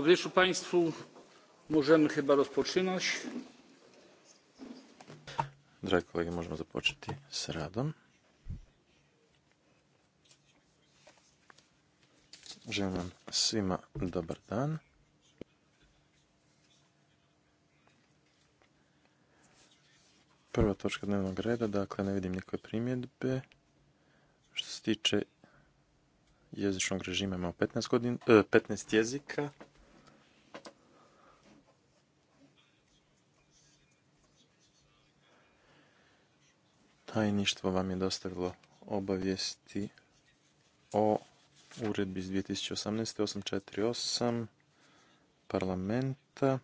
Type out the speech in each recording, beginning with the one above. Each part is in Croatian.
dobry u państwu możemy chyba dragi kolege možemo započeti s radom želim vam svima dobar dan prva točka dnevnog reda dakle ne vidim nikakve primjedbe što se tiče jezičnog režima imamo 15, 15 e, jezika tajništvo vam je dostavilo obavijesti o uredbi iz 2018. 848 parlamenta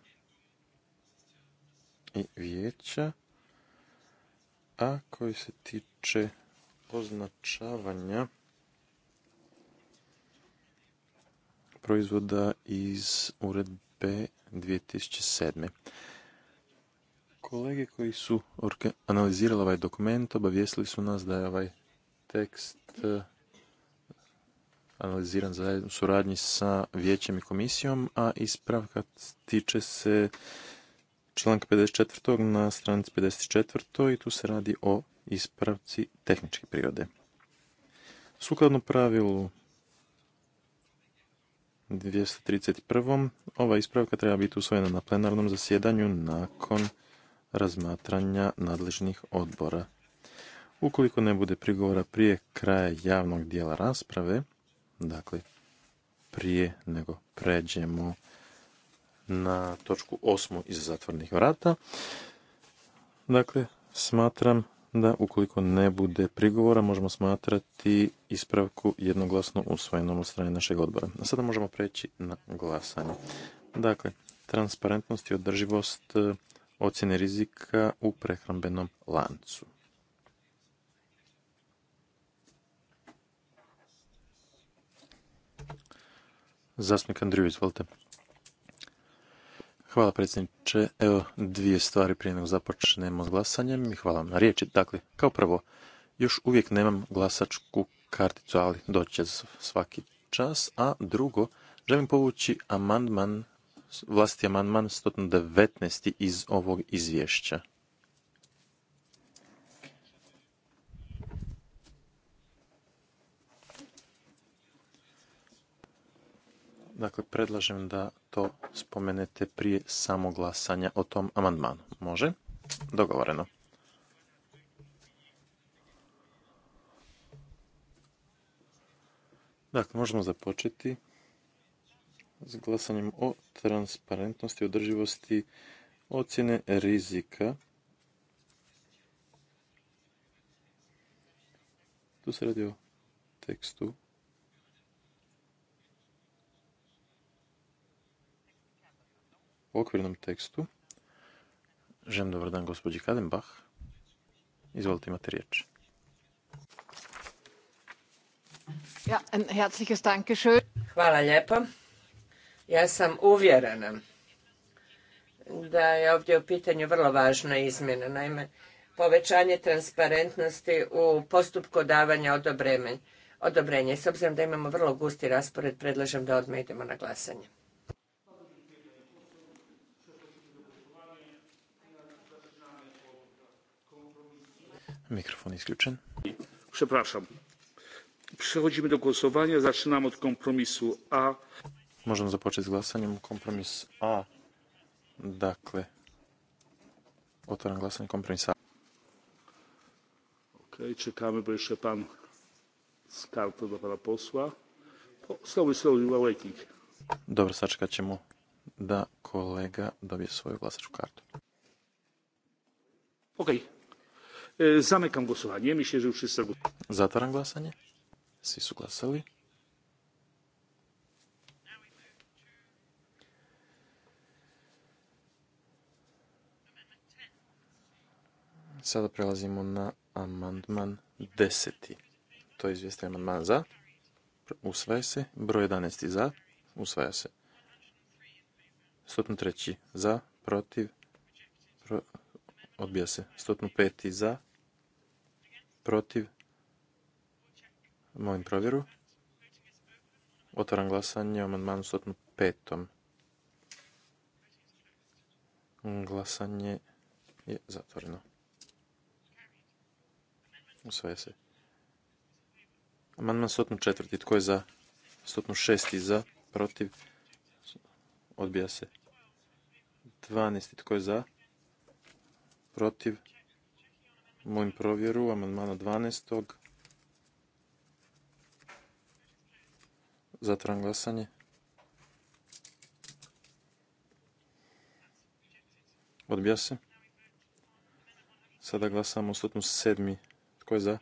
i vijeća, a koji se tiče označavanja proizvoda iz uredbe 2007. Kolege koji su analizirali ovaj dokument obavijestili su nas da je ovaj tekst eh, analiziran u suradnji sa vijećem i komisijom, a ispravka tiče se članka 54. na stranici 54. i tu se radi o ispravci tehničke prirode. Sukladno pravilu 231. ova ispravka treba biti usvojena na plenarnom zasjedanju nakon razmatranja nadležnih odbora. Ukoliko ne bude prigovora prije kraja javnog dijela rasprave, dakle prije nego pređemo na točku osmu iz zatvornih vrata, dakle smatram da ukoliko ne bude prigovora možemo smatrati ispravku jednoglasno usvojenom od strane našeg odbora. A sada možemo preći na glasanje. Dakle, transparentnost i održivost ocjene rizika u prehrambenom lancu. Zastupnik Andriju, izvolite. Hvala predsjedniče. Evo dvije stvari prije nego započnemo s glasanjem i hvala vam na riječi. Dakle, kao prvo, još uvijek nemam glasačku karticu, ali doći će svaki čas. A drugo, želim povući amandman vlastiti amandman 119. iz ovog izvješća. Dakle, predlažem da to spomenete prije samoglasanja o tom amandmanu. Može? Dogovoreno. Dakle, možemo započeti s glasanjem o transparentnosti, održivosti, ocjene rizika. Tu se radi o tekstu. okvirnom tekstu. Želim dobar dan gospođi Kadenbach. Izvolite, imate riječ. Ja, ein herzliches Hvala lijepo. Ja sam uvjerena da je ovdje u pitanju vrlo važna izmjena. Naime, povećanje transparentnosti u postupku davanja odobrenja. S obzirom da imamo vrlo gusti raspored, predlažem da odmah idemo na glasanje. Mikrofon isključen. Prepraszam. Przechodzimy do głosowania. Zaczynamy od kompromisu A. Možemo započeti s glasanjem. Kompromis A. Dakle, otvaram glasanje A. Ok, czekamy, bo jeszcze pan z kartą do pana posła. Slowi, Dobro, sačekat ćemo da kolega dobije svoju glasačku kartu. Ok. E, Zamykam głosowanie. Myślę, że już wszyscy... zatvaram glasanje. Svi su glasali. Sada prelazimo na amandman deseti. To je izvijesti amandman za. Usvaja se. Broj 11. za. Usvaja se. treći za. Protiv. odbija se. 105. za. Protiv. Molim provjeru. Otvaram glasanje o amandmanu 105. Glasanje je zatvoreno. Usvaja se. Amandman 104. Tko je za? 106. Za. Protiv. Odbija se. 12. Tko je za? Protiv. Molim provjeru. Amandmana 12. Zatvaram glasanje. Odbija se. Sada glasamo o sedmi tko je za?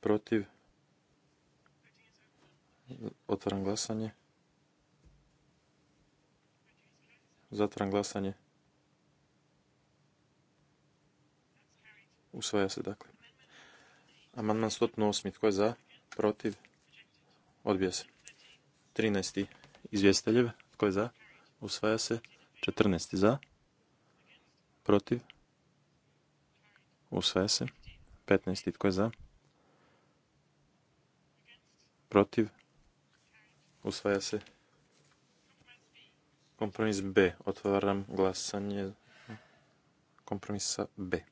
Protiv? Otvaram glasanje. Zatvaram glasanje. Usvaja se dakle. Amandman 108. Tko je za? Protiv? Odbija se. 13. Izvjesteljev. Tko je za? Usvaja se. 14. Za? Protiv? Usvaja se. 15. Tko je za? Protiv? Usvaja se. Kompromis B. Otvaram glasanje kompromisa B.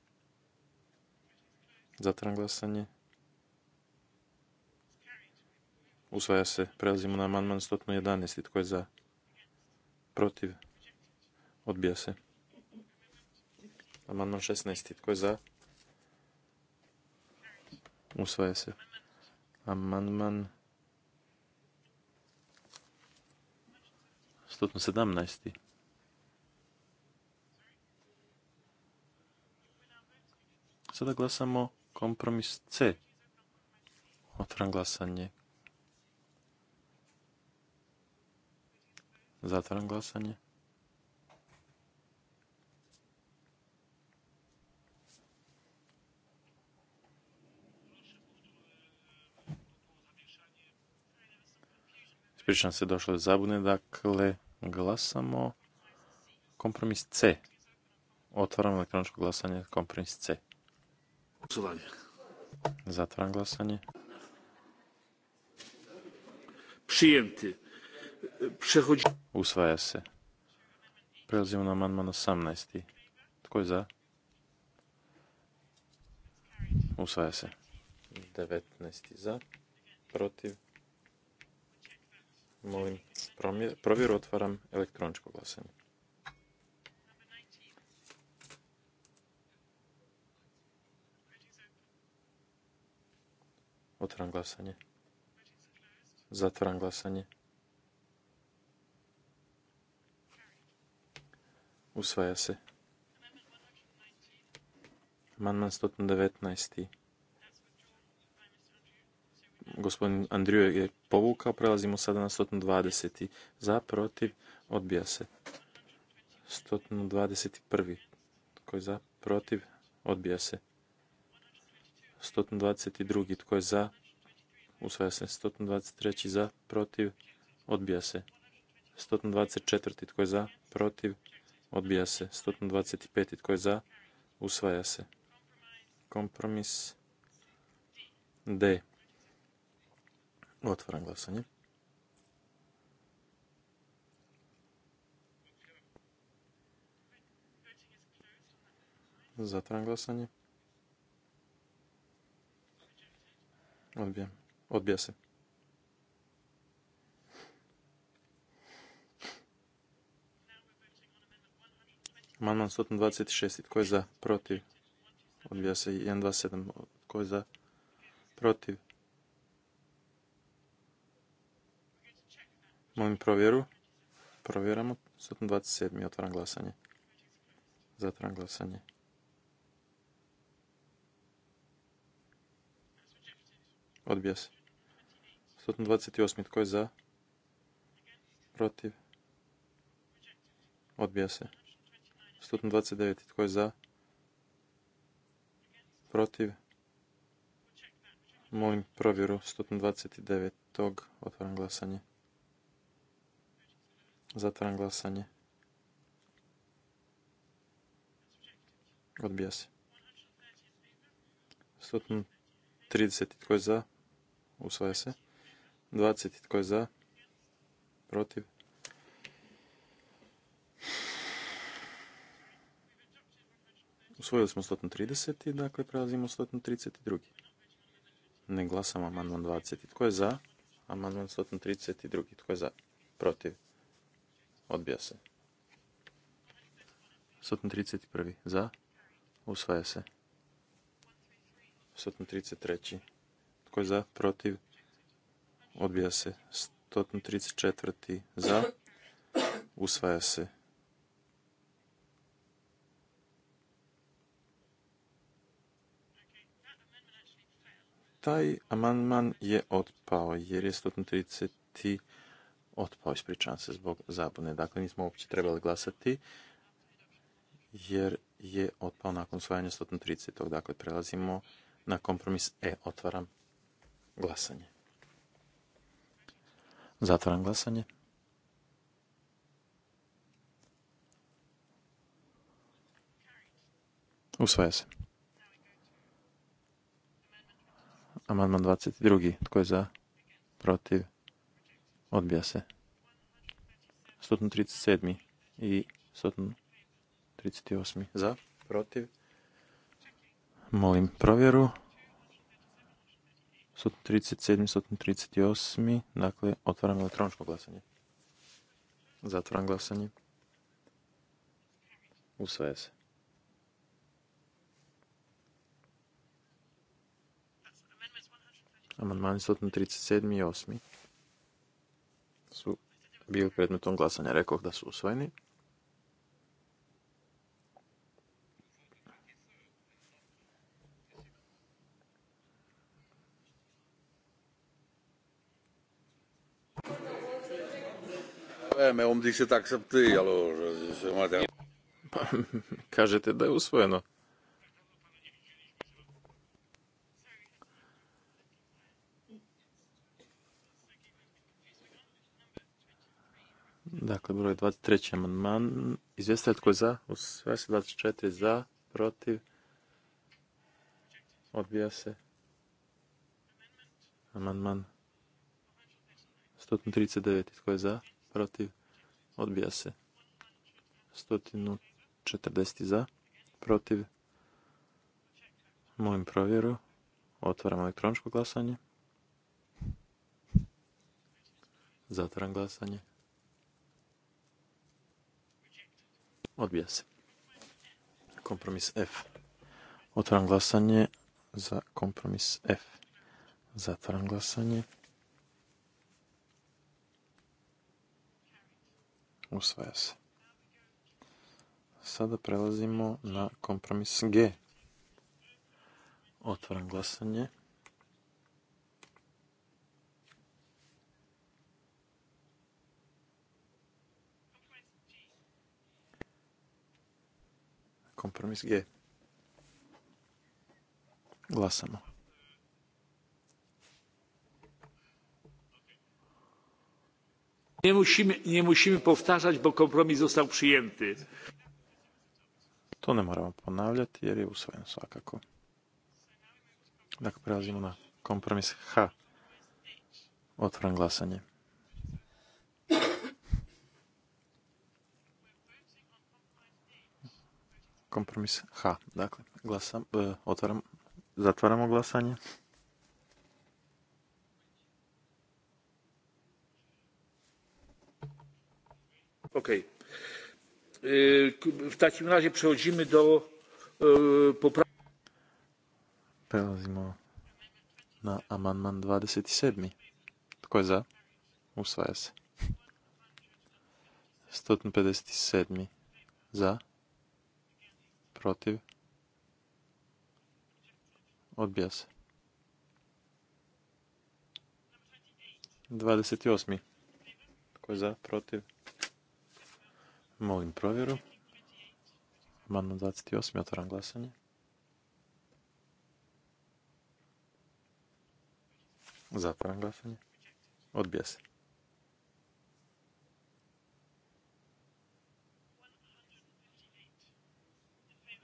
Zatvaram glasanje. Usvaja se. Prelazimo na amandman 111. Tko je za? Protiv? Odbija se. Amandman 16. Tko je za? Usvaja se. Amandman 117. Sada glasamo kompromis C. Otvaram glasanje. Zatvaram glasanje. ispričam se, došlo je zabune. Dakle, glasamo kompromis C. Otvaram elektroničko glasanje, kompromis C. Glasovanje. Zatvaram glasanje. Usvaja se. Prelazimo na amandman 18. Tko je za? Usvaja se. 19. za. Protiv. Molim provjeru, otvaram elektroničko glasanje. Otvaram glasanje. Zatvaram glasanje. Usvaja se. Amandman 119 gospodin Andriju je povukao, prelazimo sada na 120. Za, protiv, odbija se. 121. Tko je za, protiv, odbija se. 122. Tko je za, usvaja se. 123. Za, protiv, odbija se. 124. Tko je za, protiv, odbija se. 125. Tko je za, usvaja se. Kompromis D. Otvaram glasanje. Zatvaram glasanje. Odbijam. Odbija se. Amandman 126. Tko je za? Protiv. Odbija se 127. Tko je za? Protiv. Molim provjeru. Provjeramo. 127. Otvaram glasanje. Zatvaram glasanje. Odbija se. 128. Tko je za? Protiv? Odbija se. 129. Tko je za? Protiv? Molim provjeru 129. Otvaram glasanje. Zatvaram glasanje. Odbija se. 30, Tko je za? Usvaja se. 20. Tko je za? Protiv? Usvojili smo 130. Dakle, prelazimo 32. Ne glasamo amandman 20. Tko je za? Amandman 32, Tko je za? Protiv? Odbija se. 131. Za. Usvaja se. 133. Tko je za? Protiv. Odbija se. 134. Za. Usvaja se. Taj amandman je otpao jer je 130 otpao, ispričavam se zbog zabune. Dakle, nismo uopće trebali glasati jer je otpao nakon usvajanja 130. Dakle, prelazimo na kompromis E. Otvaram glasanje. Zatvaram glasanje. Usvaja se. Amandman 22. Tko je za? Protiv? Odbija se. 137. i 138. Za, protiv. Molim provjeru. 137. 138. Dakle, otvaram elektroničko glasanje. Zatvaram glasanje. Usvaja se. Amandman 137. i 8 su bili predmetom glasanja. Rekoh da su usvojeni. me se tak pa, Kažete da je usvojeno. Dakle, broj 23. amandman. Izvjestitelj tko je za? sve se 24 za, protiv. Odbija se. Amandman 139. Tko je za? Protiv. Odbija se. 140 za. Protiv. Molim provjeru. Otvaram elektroničko glasanje. Zatvaram glasanje. Odbija se. Kompromis F. Otvaram glasanje za kompromis F. Zatvaram glasanje. Usvaja se. Sada prelazimo na kompromis G. Otvaram glasanje. Kompromis G. Glasamo. Nie musimy, nie musimy powtarzać, bo kompromis został przyjęty. To ne moramo ponavljati jer je usvojen svakako. Dakle, prelazimo na kompromis H. Otvoren glasanje. Kompromis H. Dakle, glasam, e, otvaram, zatvaramo glasanje. Ok. E, w takim razie przechodzimy do e, poprawki. Prelazimo na amandman 27. Tko je za? Usvaja se. 157. Za? protiv, odbija se. 28. Tko je za, protiv? Molim provjeru. Mano 28. Otvaram glasanje. Zatvaram glasanje. Odbija se.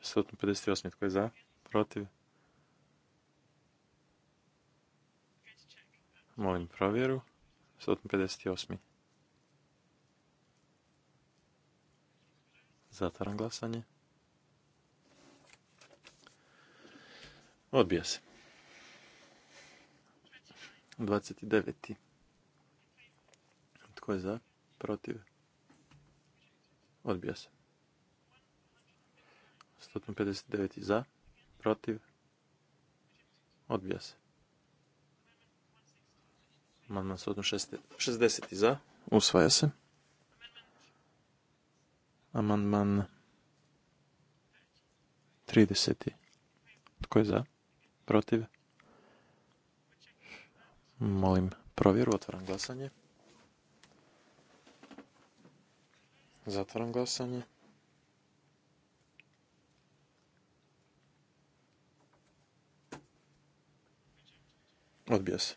158. Tko je za? Protiv? Molim provjeru. 158. Zatvaram glasanje. Odbija se. 29. Tko je za? Protiv? Odbija se. 159. za, protiv, odbija se. Amandman 160. za, usvaja se. Amandman 30. Tko je za? Protiv? Molim provjeru, otvaram glasanje. Zatvaram glasanje. Odbija se.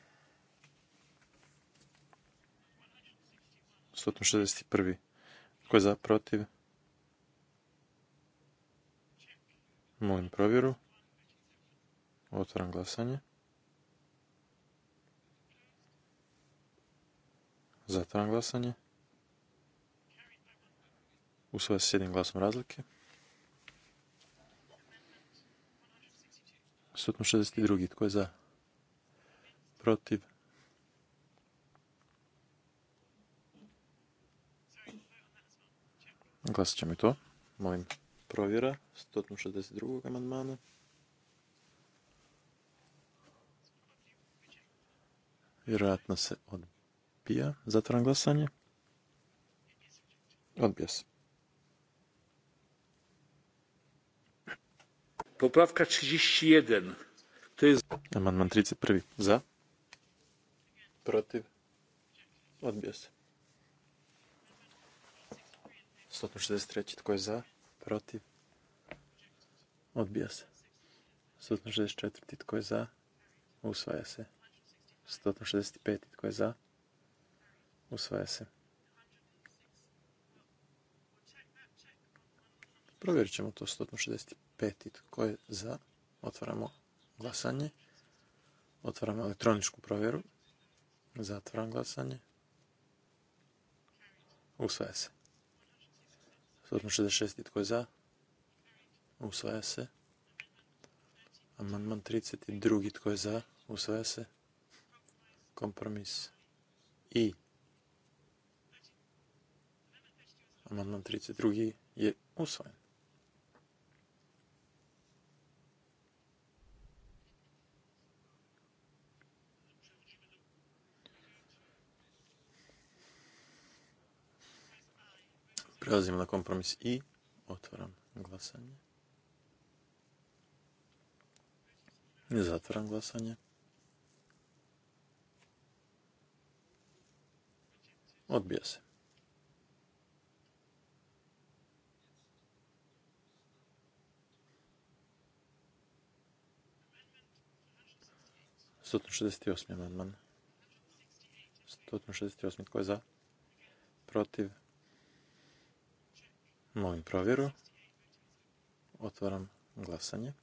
161. Ko je za, protiv? Molim provjeru. Otvaram glasanje. Zatvaram glasanje. Usvaja se s jednim glasom razlike. 162. Tko je za? protiv. Glasit ćemo i to. Molim provjera 162. amandmana. Vjerojatno se odbija. Zatvaram glasanje. Odbija se. Popravka 31. To je... Amandman 31. Za protiv, odbio se. 163. Tko je za? Protiv? Odbija se. 164. Tko je za? Usvaja se. 165. Tko je za? Usvaja se. Provjerit ćemo to 165. Tko je za? Otvaramo glasanje. Otvaramo elektroničku provjeru. Zatvaram glasanje. Usvaja se. 166. Tko je za? Usvaja se. Amandman 32. Tko je za? Usvaja se. Kompromis. I. Amandman 32. je usvojen. Prelazimo na kompromis i otvaram glasanje. Zatvaram glasanje. Odbija se. Stotno šestdeset osam amandman. Stotno tko je za? Protiv? Molim provjeru. Otvaram glasanje.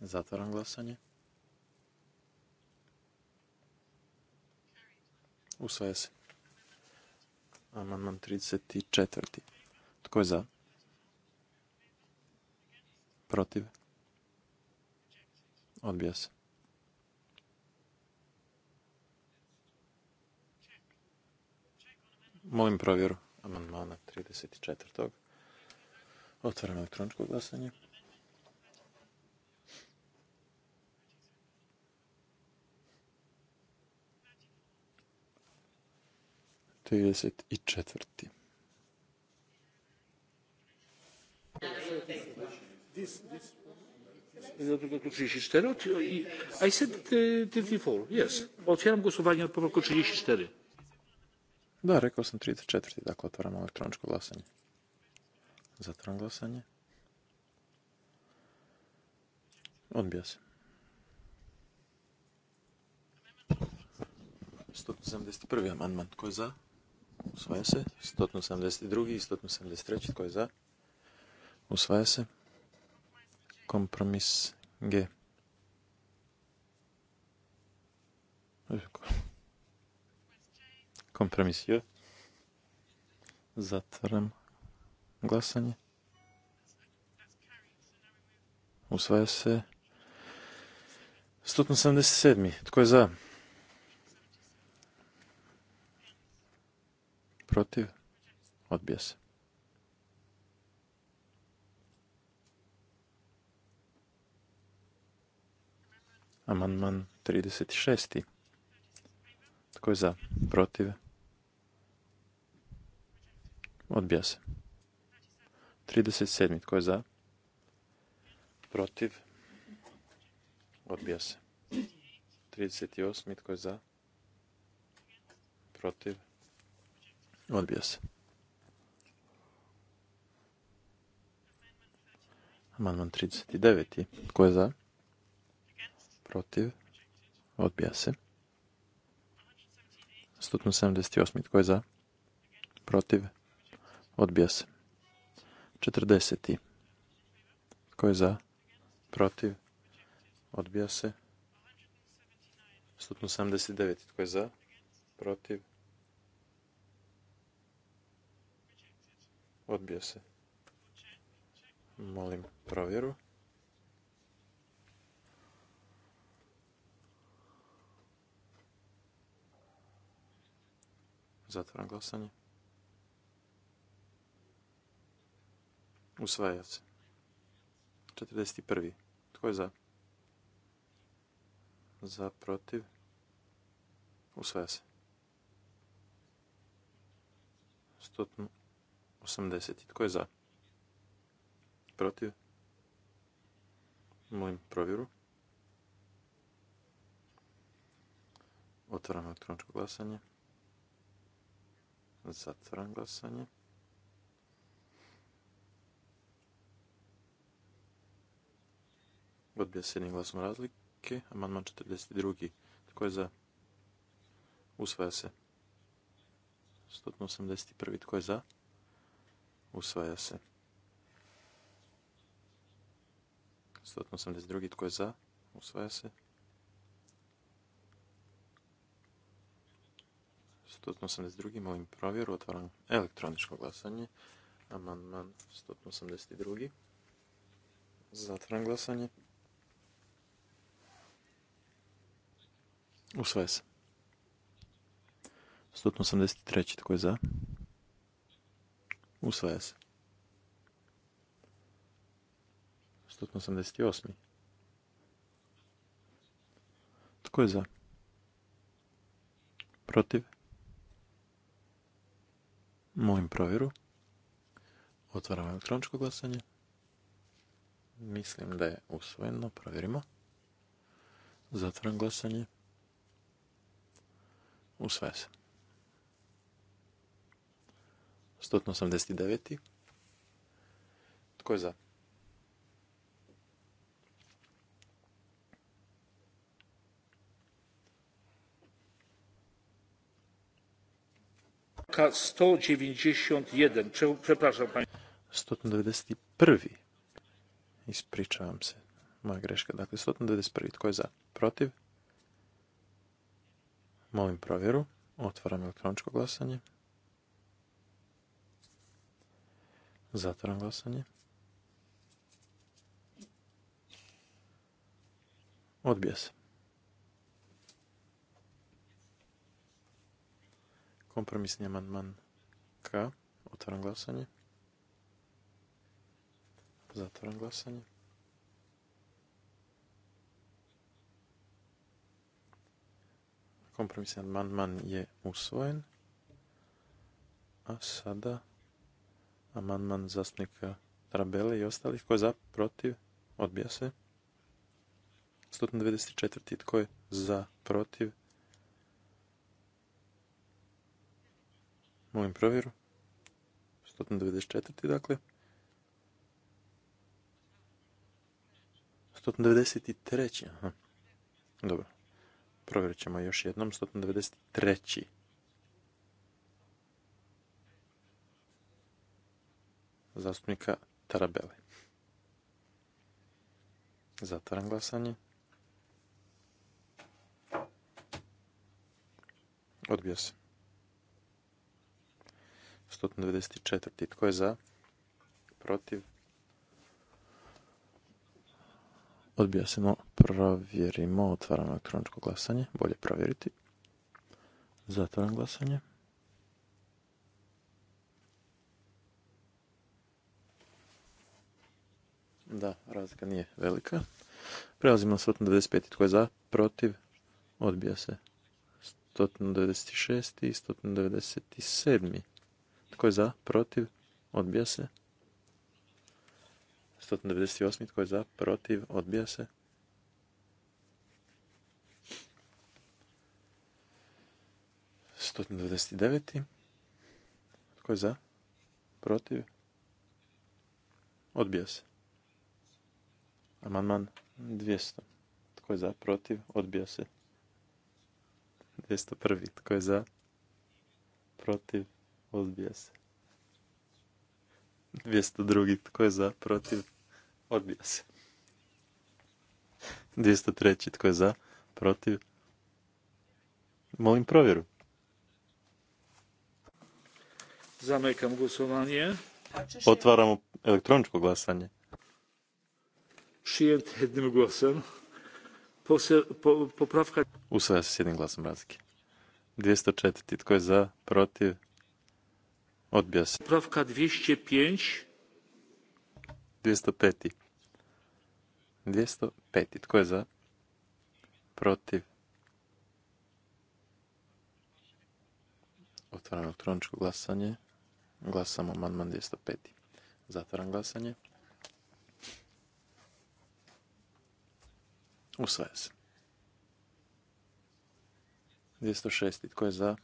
Zatvaram glasanje. Usvaja se. Amandman 34. Tko je za? Protiv? Odbija se. Molim provjeru amandmana 34. Otvaram elektroničko glasanje. Trideset i četvrti. A i said 34, yes. Otwieram głosowanie od poprawką 34. Da, rekao sam 34. Dakle, otvaram elektroničko glasanje. Zatvaram glasanje. Odbija se. 171. amandman. Tko je za? Usvaja se. 172. i 173. Tko je za? Usvaja se. Kompromis G. E, Kompromis J. Zatvaram glasanje. Usvaja se 177. Tko je za? Protiv? Odbija se. Amandman 36. Tko je za? Protiv? Odbija se. 37. Tko je za? Protiv? Odbija se. 38. Tko je za? Protiv? Odbija se. 39. Tko je za? Protiv? Odbija se. 178. Tko je za? Protiv? Odbija se. 40. Tko je za? Protiv? Odbija se. 179. Tko je za? Protiv? Odbija se. Molim provjeru. Zatvoram glasanje. Usvaja se. 41. Tko je za? Za, protiv. Usvaja se. 180. Tko je za? Protiv? Molim provjeru. Otvaram elektroničko glasanje. Zatvaram glasanje. Odbija se jednim glasom razlike. Amandman 42. Tko je za? Usvaja se. 181. Tko je za? Usvaja se. 182. Tko je za? Usvaja se. 182. Molim provjeru. Otvaram elektroničko glasanje. Amandman 182. Zatvaram glasanje. Usvaja se. 183. Tko je za? Usvaja se. 188. Tko je za? Protiv? Molim provjeru. Otvaram elektroničko glasanje. Mislim da je usvojeno. Provjerimo. Zatvaram glasanje u se. 189. Tko je za? Ka 191. Čemu, prepraszam 191. Ispričavam se. Moja greška. Dakle, 191. Tko je za? Protiv? Molim provjeru. Otvaram elektroničko glasanje. Zatvaram glasanje. Odbija se. Kompromisni amandman K. Otvaram glasanje. Zatvaram glasanje. Kompromisni amandman je usvojen. A sada amandman zastupnika Trabele i ostalih. Tko je za? Protiv? Odbija se. 194. Tko je za? Protiv? Molim provjeru. 194. dakle. 193. Aha. Dobro. Provjerit ćemo još jednom. 193. Zastupnika Tarabele. Zatvaram glasanje. Odbio se. 194. Tko je za? Protiv? Odbija se, no provjerimo. otvaramo elektroničko glasanje. Bolje provjeriti. Zatvaram glasanje. Da, razlika nije velika. Prelazimo na 195. Tko je za? Protiv? Odbija se. 196. i 197. Tko je za? Protiv? Odbija se. 198. Tko je za? Protiv? Odbija se. Stotno Tko je za? Protiv? Odbija se. Amandman 200. Tko je za? Protiv? Odbija se. 201. Tko je za? Protiv? Odbija se. drugi, Tko je za? Protiv? Odbija se. 203. Tko je za? Protiv? Molim provjeru. Zamekam glasovanje. Otvaramo elektroničko glasanje. Šijet jednim glasom. po, popravka... Usvaja se s jednim glasom razlike. 204. Tko je za? Protiv? Odbija se. Popravka 205. 205. 205. Tko je za? Protiv? Otvaram elektroničko glasanje. Glasamo amandman 205. Zatvaram glasanje. Usvaja se. 206. Tko je za?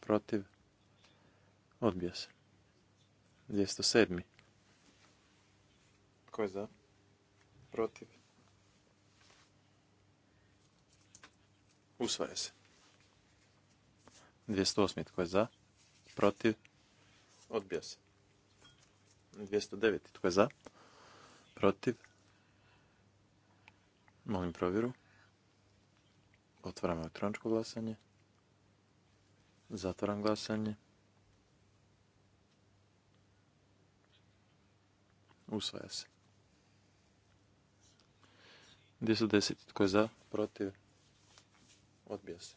Protiv? Odbija se. 207. Tko je za? protiv, usvaja se. 208. tko je za, protiv, odbija se. 209. tko je za, protiv, molim provjeru. Otvaram elektroničko glasanje. Zatvaram glasanje. Usvaja se. 210. Tko je za? Protiv? Odbija se.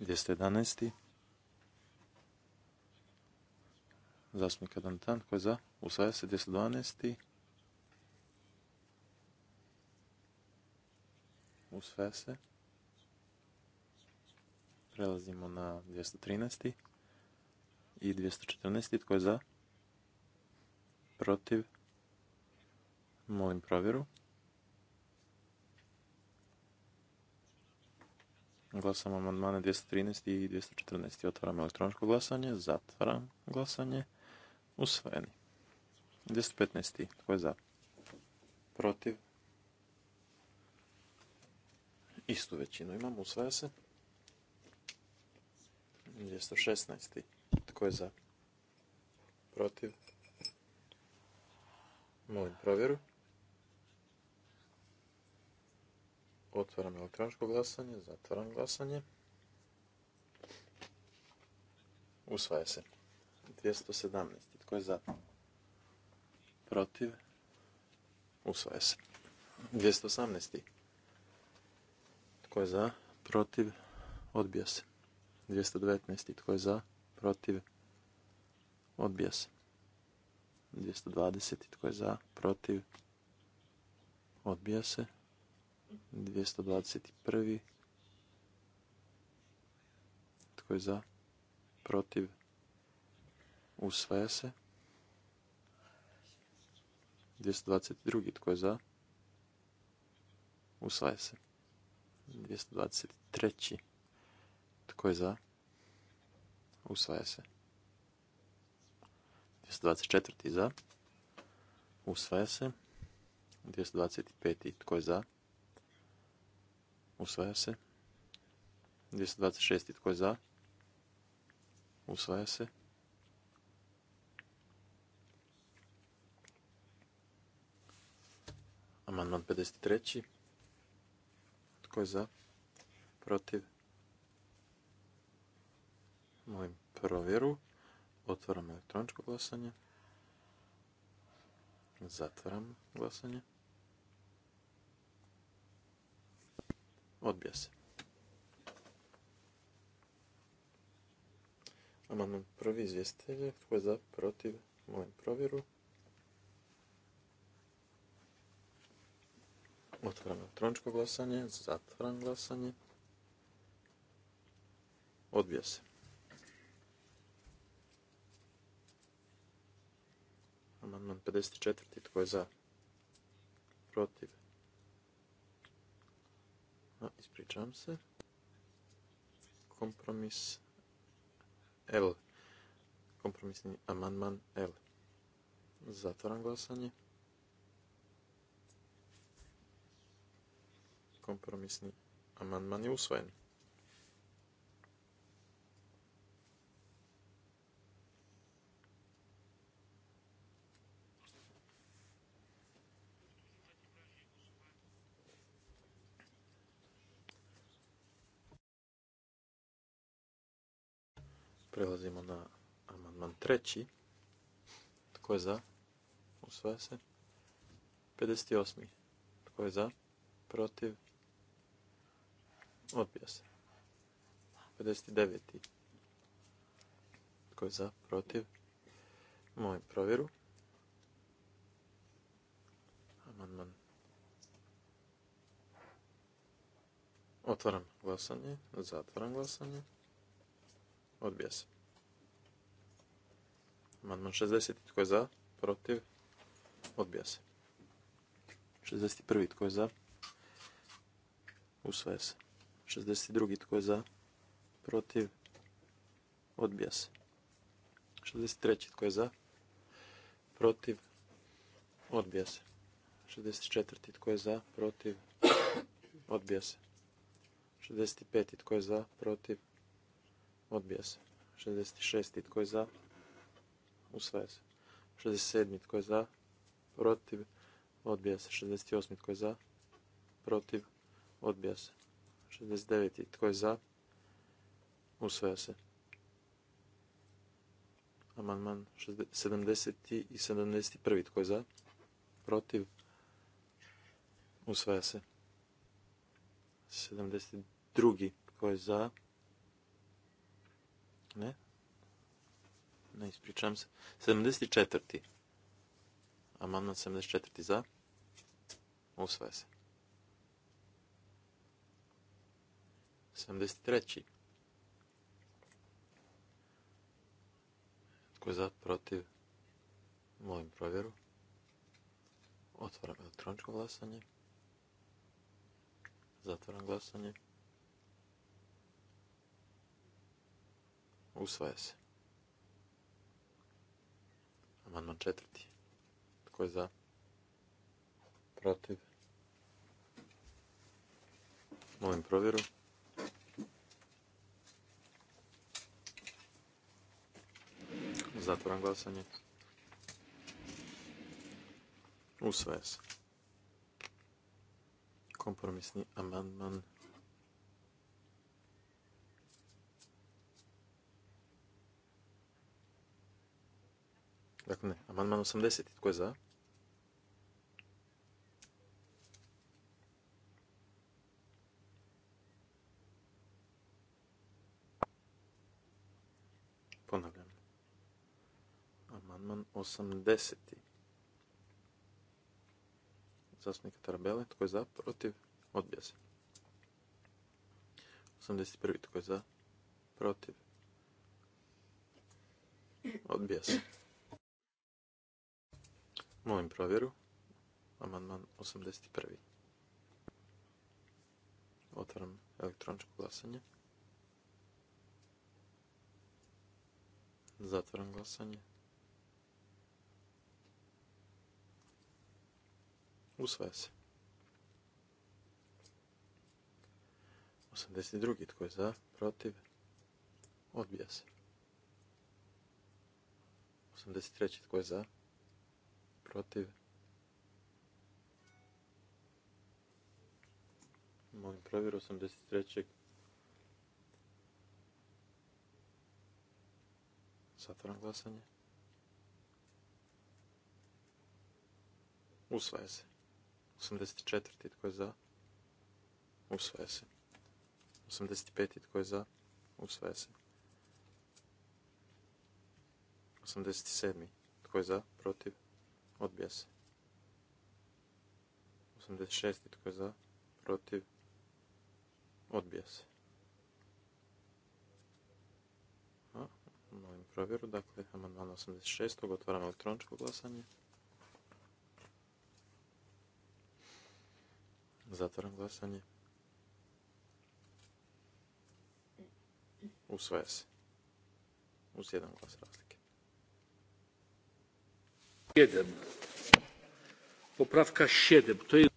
211. Zastupnika Dantan. Tko je za? Usvaja se. 212. Usvaja se. Prelazimo na 213. I 214. Tko je za? Protiv? Molim provjeru. Glasamo amandmane 213 i 214. Otvaram elektroničko glasanje. Zatvaram glasanje. Usvojeni. 215. Tko je za? Protiv? Istu većinu imamo. Usvaja se. 216. Tko je za? Protiv? Molim provjeru. Otvaram elektroničko glasanje, zatvaram glasanje. Usvaja se. 217. Tko je za? Protiv? Usvaja se. 218. Tko je za? Protiv? Odbija se. 219. Tko je za? Protiv? Odbija se. 220. Tko je za? Protiv? Odbija se. 221. Tko je za? Protiv? Usvaja se. 222. Tko je za? Usvaja se. 223. Tko je za? Usvaja se. 224. za. Usvaja se. 225. Tko je za? Usvaja se. 226. Tko je za? Usvaja se. Amandman 53. Tko je za? Protiv? Molim provjeru. Otvaram elektroničko glasanje. Zatvaram glasanje. Odbija se. Amandman prvi izvjestitelja. Tko je za? Protiv? Molim provjeru. Otvaram elektroničko glasanje. Zatvaram glasanje. Odbija se. Amandman 54. Tko je za? Protiv? A, ispričavam se. Kompromis L. Kompromisni amandman L. Zatvaram glasanje. Kompromisni amandman je usvojen. Prelazimo na amandman treći. Tko je za? Usvaja se. 58. Tko je za? Protiv? Odbija se. 59. Tko je za? Protiv? moj provjeru. Amandman. Otvaram glasanje. Zatvaram glasanje. Odbija se. Amandman 60. Tko je za? Protiv? Odbija se. 61. Tko je za? Usvaja se. 62. Tko je za? Protiv? Odbija se. 63. Tko je za? Protiv? Odbija se. 64. Tko je za? Protiv? Odbija se. 65. Tko je za? Protiv? Odbija se. 66. Tko je za? Usvaja se. 67. Tko je za? Protiv. Odbija se. 68. Tko je za? Protiv. Odbija se. 69. Tko je za? Usvaja se. Amandman 70. i 71. Tko je za? Protiv. Usvaja se. 72. Tko je za? Ne. Ne, ispričavam se. 74. Amandman 74. za. Usvaja se. 73. Tko je za, protiv? Molim provjeru. Otvaram elektroničko glasanje. Zatvaram glasanje. Usvaja se. Amandman četvrti. Tko je za? Protiv? Molim provjeru. Zatvoram glasanje. Usvaja se. Kompromisni amandman Dakle, ne. Amandman 80. Tko je za? Ponavljam. Amandman 80. Zastupnika Tarabele. Tko je za? Protiv? Odbija se. 81. Tko je za? Protiv? Odbija se. Molim provjeru. Amandman 81. Otvaram elektroničko glasanje. Zatvaram glasanje. Usvaja se. 82. Tko je za? Protiv? Odbija se. 83. Tko je za? protiv. Molim provjeru 83. Zatvoram glasanje. Usvaja se. 84. tko je za? Usvaja se. 85. tko je za? Usvaja se. 87. tko je za? Protiv? Odbija se. 86. Tko je za? Protiv? Odbija se. A, molim provjeru. Dakle, amandman 86. Otvaram elektroničko glasanje. Zatvaram glasanje. Usvaja se. Uz jedan glas razlike. 1. Popravka 7. To je...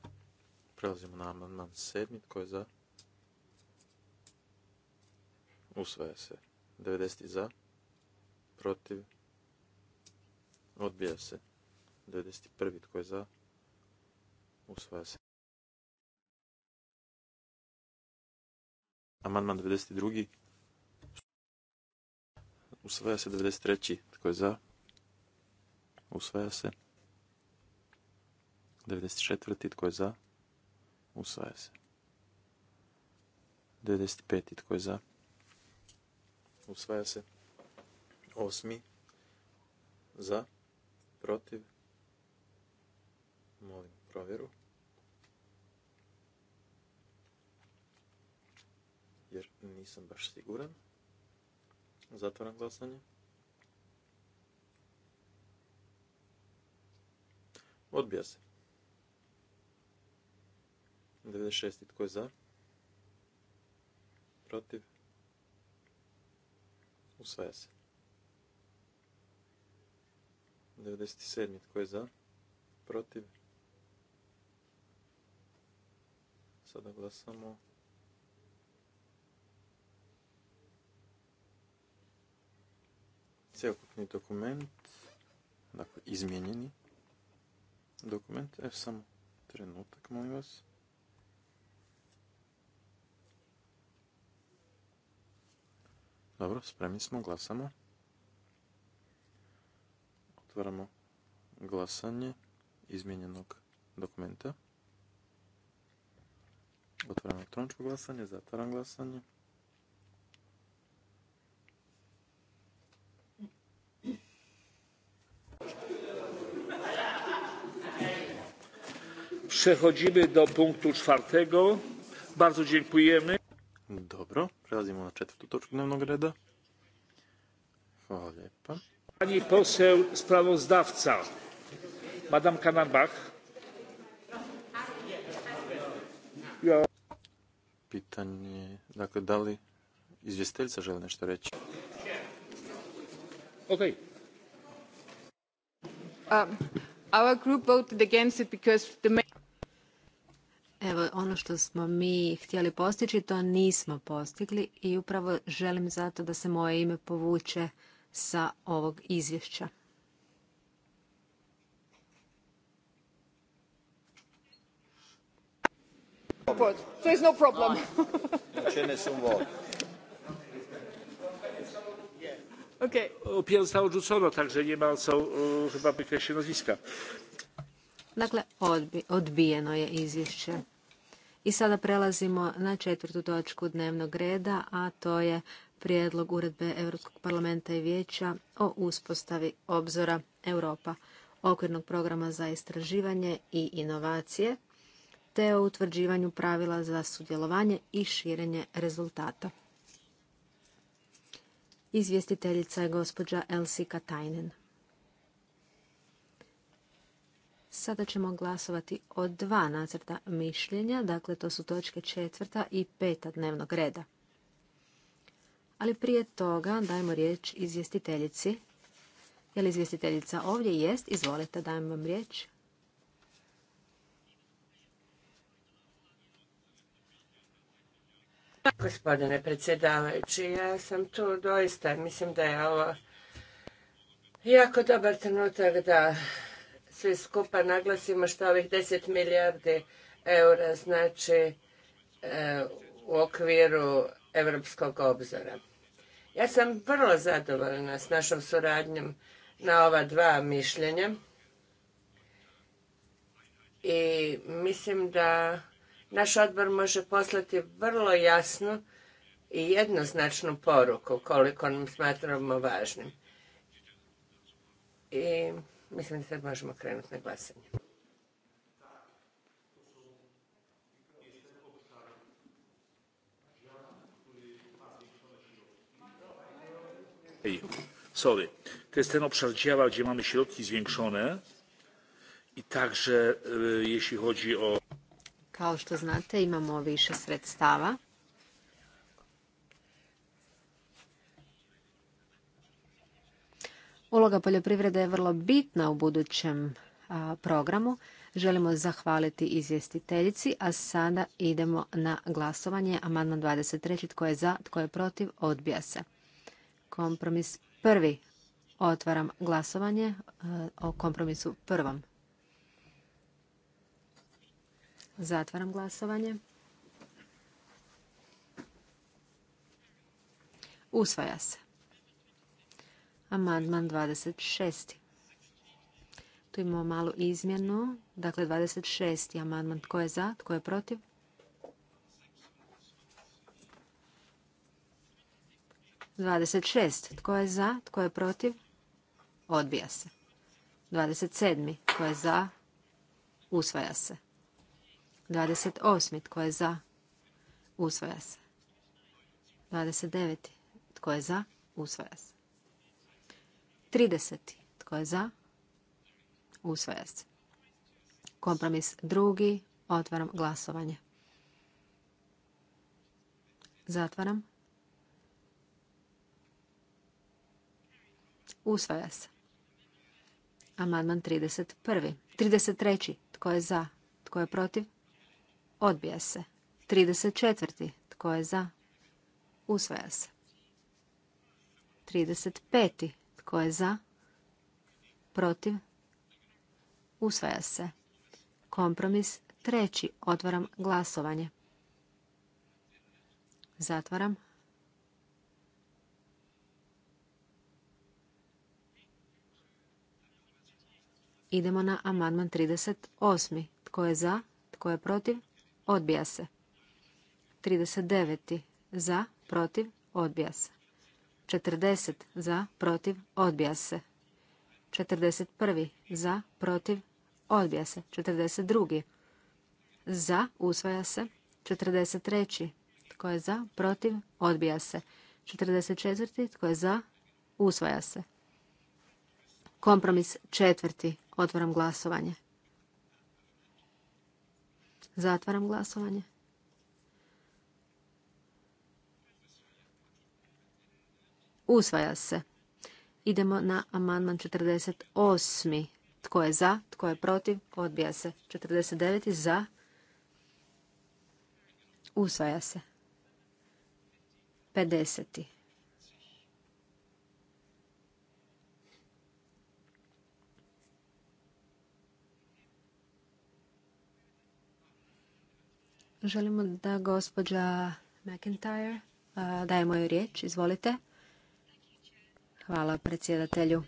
Prelazimo na amandman sedmi. Tko je za? Usvaja se. 90 za. Protiv. Odbija se. 91. Tko je za? Usvaja se. Amandman 92. Usvaja se 93. Tko je za? Usvaja se. 94. Tko je za? Usvaja se. 95. Tko je za? Usvaja se. 8. Za? Protiv? Molim provjeru. Jer nisam baš siguran. Zatvaram glasanje. Odbija se. 96. Tko je za? Protiv? Usvaja se. 97. Tko je za? Protiv? Sada glasamo. Cijelokupni dokument, dakle izmijenjeni dokument. Evo samo trenutak, molim vas. Dobro, spremni smo, glasamo. Otvaramo glasanje izmijenjenog dokumenta. Otvaramo elektroničko glasanje, zatvaram glasanje. Przechodzimy do punktu czwartego. Bardzo dziękujemy. Dobro, przechodzimy na czwartą toczkę na reda. Pani poseł sprawozdawca, Madame Kananbach. Ja. tak dalej. da li izvjestiteljica želi nešto reći? Ok. Um, our group voted against it because the main što smo mi htjeli postići, to nismo postigli i upravo želim zato da se moje ime povuče sa ovog izvješća. Dakle, odbijeno je izvješće. I sada prelazimo na četvrtu točku dnevnog reda, a to je prijedlog uredbe Europskog parlamenta i vijeća o uspostavi obzora Europa, okvirnog programa za istraživanje i inovacije, te o utvrđivanju pravila za sudjelovanje i širenje rezultata. Izvjestiteljica je gospođa Elsika Katainen. Sada ćemo glasovati o dva nacrta mišljenja, dakle to su točke četvrta i peta dnevnog reda. Ali prije toga dajmo riječ izvjestiteljici. Je li izvjestiteljica ovdje? Jest. Izvolite, dajem vam riječ. Gospodine predsjedavajući, ja sam tu doista, mislim da je ovo jako dobar trenutak da svi skupa naglasimo što ovih 10 milijardi eura znači e, u okviru europskog obzora. Ja sam vrlo zadovoljna s našom suradnjom na ova dva mišljenja i mislim da naš odbor može poslati vrlo jasnu i jednoznačnu poruku koliko nam smatramo važnim. I Mislim da sad možemo krenuti na glasanje. Sorry. To jest ten obszar działa, gdzie mamy środki zwiększone i także e, jeśli chodzi o... Kao što znate, imamo više sredstava Uloga poljoprivrede je vrlo bitna u budućem programu. Želimo zahvaliti izvjestiteljici, a sada idemo na glasovanje. Amandman 23. Tko je za, tko je protiv, odbija se. Kompromis prvi. Otvaram glasovanje e, o kompromisu prvom. Zatvaram glasovanje. Usvaja se. Amandman 26. Tu imamo malu izmjenu. Dakle, 26. amandman. Tko je za? Tko je protiv? Dvadeset šest. Tko je za? Tko je protiv? Odbija se. Dvadeset sedmi. Tko je za? Usvaja se. Dvadeset osmi. Tko je za? Usvaja se. Dvadeset deveti. Tko je za? Usvaja se. 30. Tko je za? Usvaja se. Kompromis drugi. Otvaram glasovanje. Zatvaram. Usvaja se. Amandman 31. 33. Tko je za? Tko je protiv? Odbija se. 34. Tko je za? Usvaja se. 35. Tko je za? Protiv? Usvaja se. Kompromis treći. Otvaram glasovanje. Zatvaram. Idemo na amandman 38. Tko je za? Tko je protiv? Odbija se. 39. Za, protiv, odbija se. 40 za, protiv, odbija se. 41 za, protiv, odbija se. 42 za, usvaja se. 43 tko je za, protiv, odbija se. 44 tko je za, usvaja se. Kompromis četvrti. Otvaram glasovanje. Zatvaram glasovanje. Usvaja se. Idemo na amandman 48. Tko je za? Tko je protiv? Odbija se. 49. Za? Usvaja se. 50. Želimo da gospođa McIntyre dajemo joj riječ. Izvolite. Hvala predsjedatelju.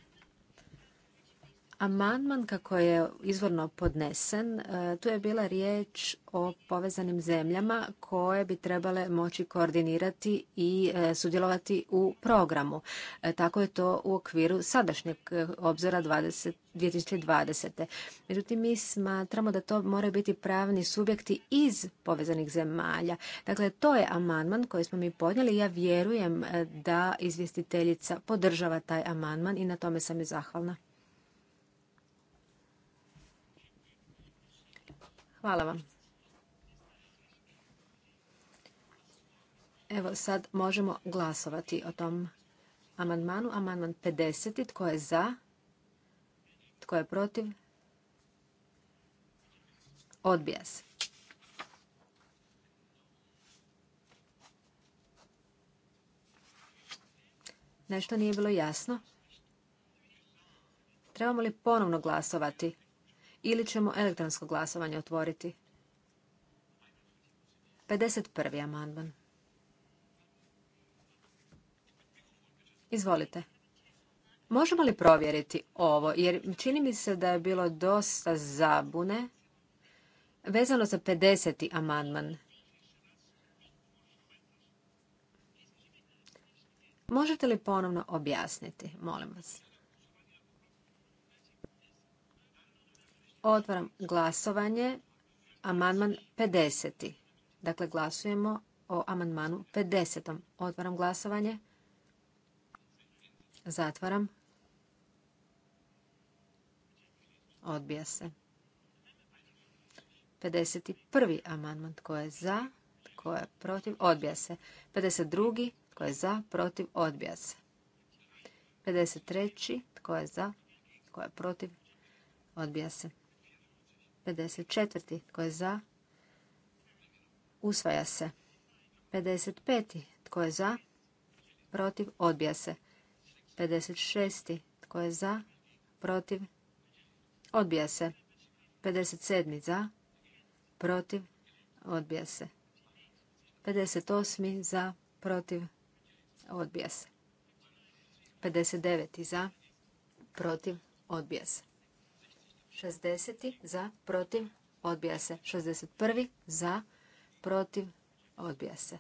Amandman kako je izvorno podnesen, e, tu je bila riječ o povezanim zemljama koje bi trebale moći koordinirati i e, sudjelovati u programu. E, tako je to u okviru sadašnjeg obzora 2020. Međutim, mi smatramo da to moraju biti pravni subjekti iz povezanih zemalja. Dakle, to je amandman koji smo mi podnijeli. i Ja vjerujem da izvjestiteljica podržava taj amandman i na tome sam i zahvalna. Hvala vam. Evo sad možemo glasovati o tom amandmanu. Amandman 50. Tko je za? Tko je protiv? Odbija se. Nešto nije bilo jasno. Trebamo li ponovno glasovati? ili ćemo elektronsko glasovanje otvoriti? 51. amandman. Izvolite. Možemo li provjeriti ovo? Jer čini mi se da je bilo dosta zabune vezano za 50. amandman. Možete li ponovno objasniti, molim vas? Otvaram glasovanje. Amandman 50. Dakle, glasujemo o amandmanu 50. Otvaram glasovanje. Zatvaram. Odbija se. 51. amandman. Tko je za? Tko je protiv? Odbija se. 52. Tko je za? Protiv? Odbija se. 53. Tko je za? Tko je protiv? Odbija se. 54. Tko je za? Usvaja se. 55. Tko je za? Protiv. Odbija se. 56. Tko je za? Protiv. Odbija se. 57. Za. Protiv. Odbija se. 58. Za. Protiv. Odbija se. 59. Za. Protiv. Odbija se. 60. za, protiv, odbija se. 61. za, protiv, odbija se.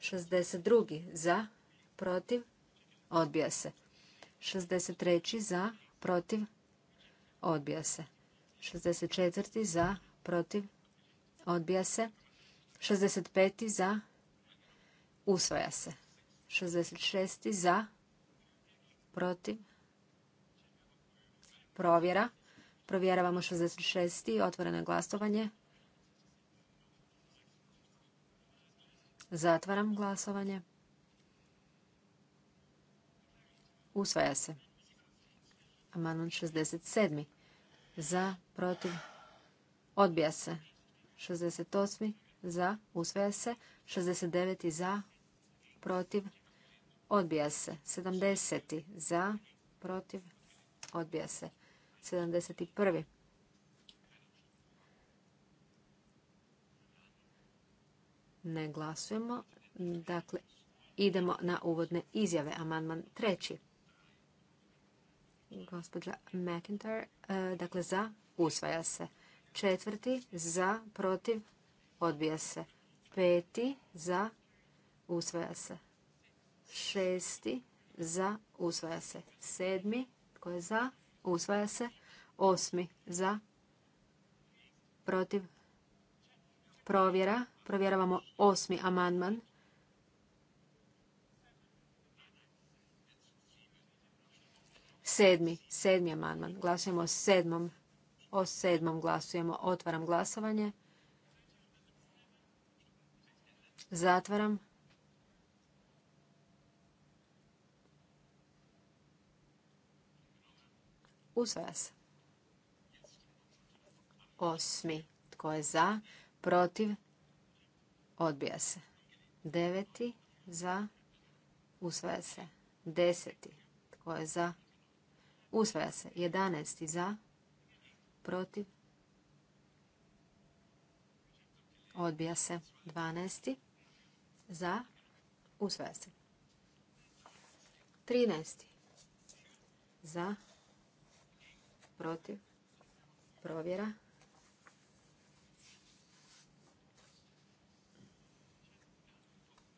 62. za, protiv, odbija se. 63. za, protiv, odbija se. 64. za, protiv, odbija se. 65. za, usvaja se. 66. za, protiv, provjera. Provjeravamo 66. Otvoreno je glasovanje. Zatvaram glasovanje. Usvaja se. Amanon 67. Za, protiv, odbija se. 68. Za, usvaja se. 69. Za, protiv, odbija se. 70. Za, protiv, odbija se. 71. Ne glasujemo. Dakle, idemo na uvodne izjave. Amandman treći. Gospođa McIntyre, e, dakle za, usvaja se. Četvrti, za, protiv, odbija se. Peti, za, usvaja se. Šesti, za, usvaja se. Sedmi, tko je za, Usvaja se. Osmi za. Protiv. Provjera. Provjeravamo osmi amandman. Sedmi. Sedmi amandman. Glasujemo o sedmom. O sedmom glasujemo. Otvaram glasovanje. Zatvaram. Usvaja se. Osmi. Tko je za? Protiv? Odbija se. Deveti. Za? Usvaja se. Deseti. Tko je za? Usvaja se. Jedanesti. Za? Protiv? Odbija se. Dvanesti. Za? Usvaja se. Trinesti. Za? protiv, provjera.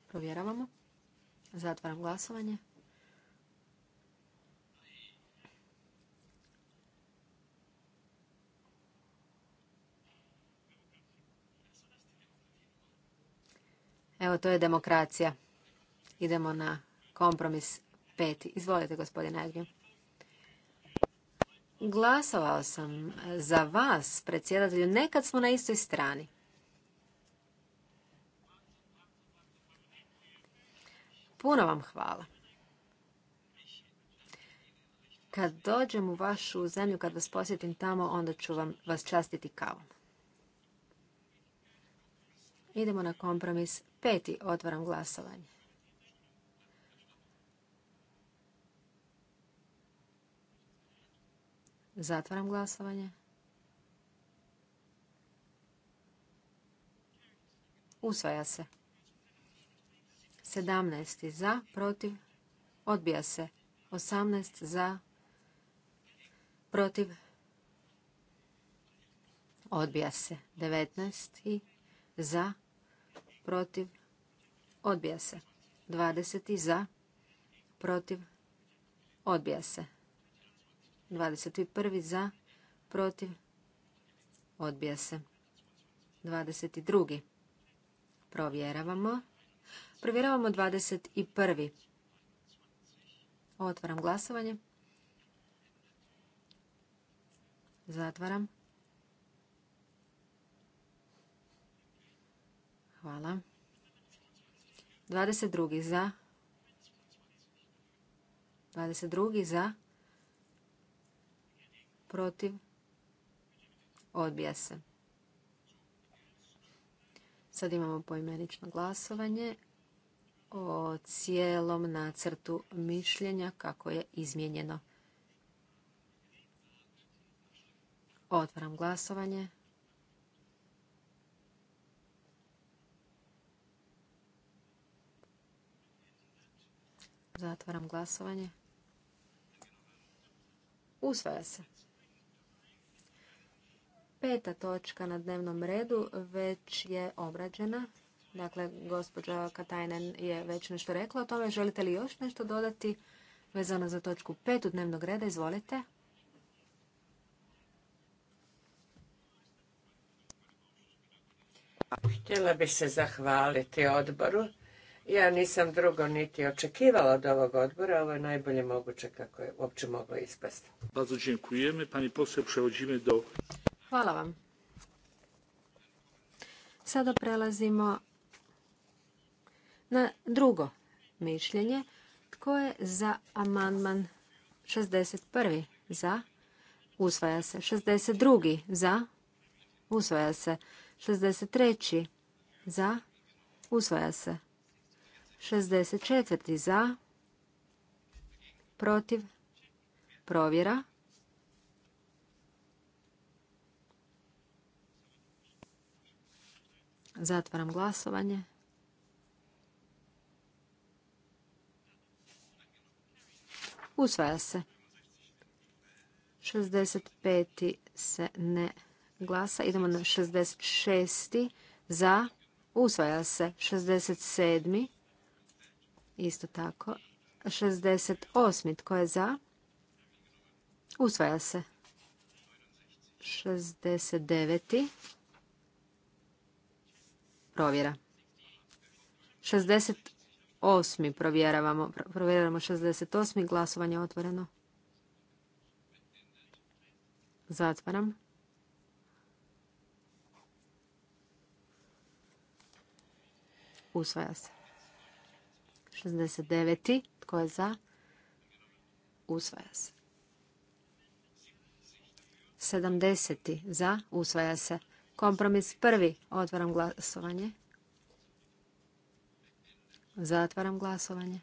Provjeravamo. Zatvaram glasovanje. Evo, to je demokracija. Idemo na kompromis peti. Izvolite, gospodine Agnju. Glasovao sam za vas, predsjedatelju. Nekad smo na istoj strani. Puno vam hvala. Kad dođem u vašu zemlju, kad vas posjetim tamo, onda ću vam vas častiti kavom. Idemo na kompromis. Peti, otvaram glasovanje. Zatvaram glasovanje. Usvaja se. 17 za, protiv, odbija se. 18 za, protiv, odbija se. 19 i za, protiv, odbija se. 20 za, protiv, odbija se. 21. za, protiv, odbija se. 22. Provjeravamo. Provjeravamo 21. Otvaram glasovanje. Zatvaram. Hvala. 22. za. 22. za protiv, odbija se. Sad imamo poimenično glasovanje o cijelom nacrtu mišljenja kako je izmijenjeno. Otvaram glasovanje. Zatvaram glasovanje. Usvaja se. Peta točka na dnevnom redu već je obrađena. Dakle, gospođa Katajnen je već nešto rekla o tome. Želite li još nešto dodati vezano za točku petu dnevnog reda? Izvolite. Htjela bih se zahvaliti odboru. Ja nisam drugo niti očekivala od ovog odbora, ovo je najbolje moguće kako je uopće moglo ispasti. Bardzo dziękujemy. Hvala vam. Sada prelazimo na drugo mišljenje. Tko je za amandman 61. za? Usvaja se. 62. za? Usvaja se. 63. za? Usvaja se. 64. za? Protiv? Provjera. Zatvaram glasovanje. Usvaja se. 65. se ne glasa. Idemo na 66. za. Usvaja se. 67. Isto tako. 68. Tko je za? Usvaja se. 69. Provjera. 68. provjeravamo. Provjeravamo 68. Glasovanje otvoreno. Zatvaram. Usvaja se. 69. Tko je za? Usvaja se. 70. Za? Usvaja se. Kompromis prvi. Otvaram glasovanje. Zatvaram glasovanje.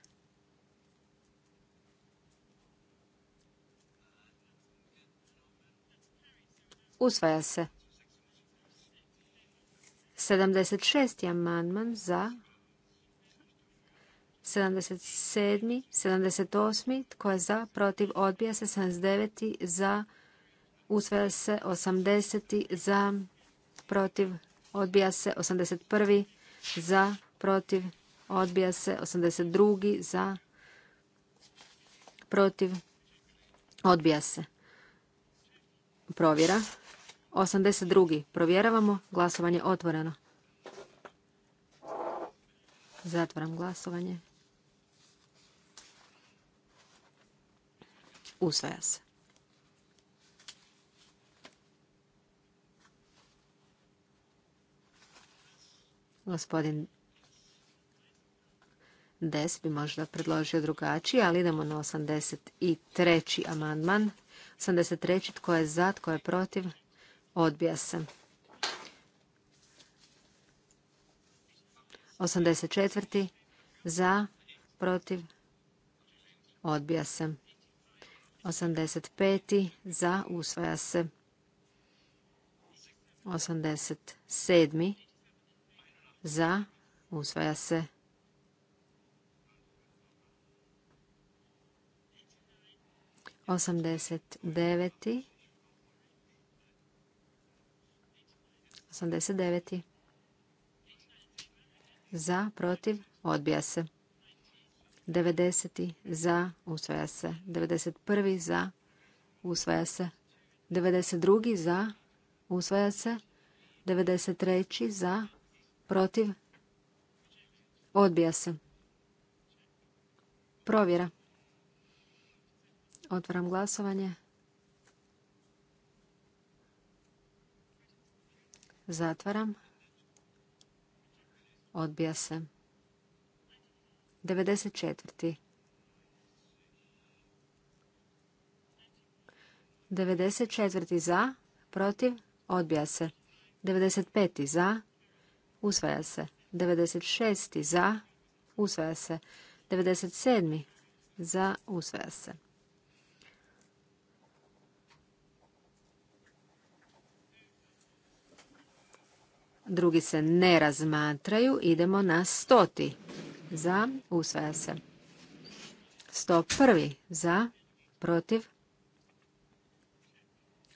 Usvaja se. 76. amandman za. 77. 78. Tko je za? Protiv? Odbija se. 79. za. Usvaja se. 80. za protiv, odbija se 81. za, protiv, odbija se 82. za, protiv, odbija se. Provjera. 82. Provjeravamo. Glasovanje otvoreno. Zatvaram glasovanje. Usvaja se. Gospodin Des bi možda predložio drugačije, ali idemo na 83. amandman. 83. tko je za, tko je protiv, odbija se. 84. za, protiv, odbija se. 85. za, usvaja se. 87 za, usvaja se. Osamdeset 89. 89. Za, protiv, odbija se. 90. za, usvaja se. 91. za, usvaja se. 92. za, usvaja se. Devedeset 93. za, Protiv? Odbija se. Provjera. Otvaram glasovanje. Zatvaram. Odbija se. 94. 94. za, protiv, odbija se. 95. za, usvaja se. 96. za, usvaja se. 97. za, usvaja se. Drugi se ne razmatraju. Idemo na stoti. Za, usvaja se. 101. za, protiv,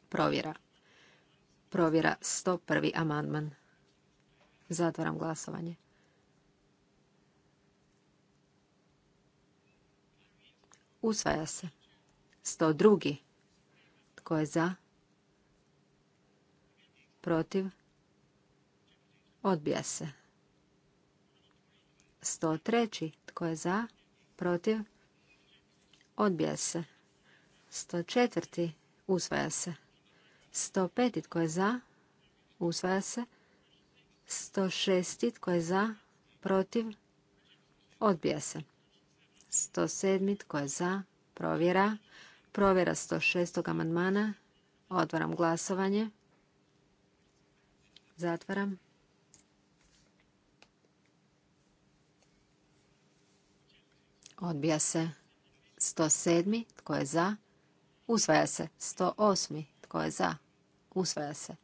provjera. Provjera 101. amandman. Zatvaram glasovanje. Usvaja se. 102. Tko je za? Protiv? Odbija se. 103. Tko je za? Protiv? Odbija se. 104. Usvaja se. 105. Tko je za? Usvaja se. 106. Tko je za? Protiv? Odbija se. 107. Tko je za? Provjera. Provjera 106. amandmana. Otvaram glasovanje. Zatvaram. Odbija se. 107. Tko je za? Usvaja se. 108. Tko je za? Usvaja se.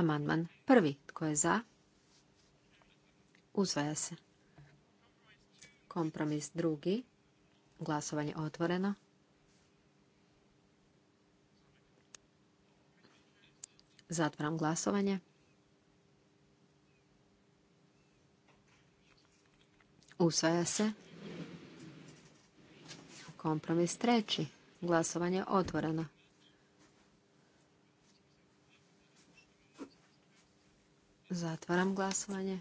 Amandman prvi. Tko je za? uzvaja se. Kompromis drugi. Glasovanje otvoreno. Zatvaram glasovanje. Usvaja se. Kompromis treći. Glasovanje otvoreno. Zatvaram glasovanje.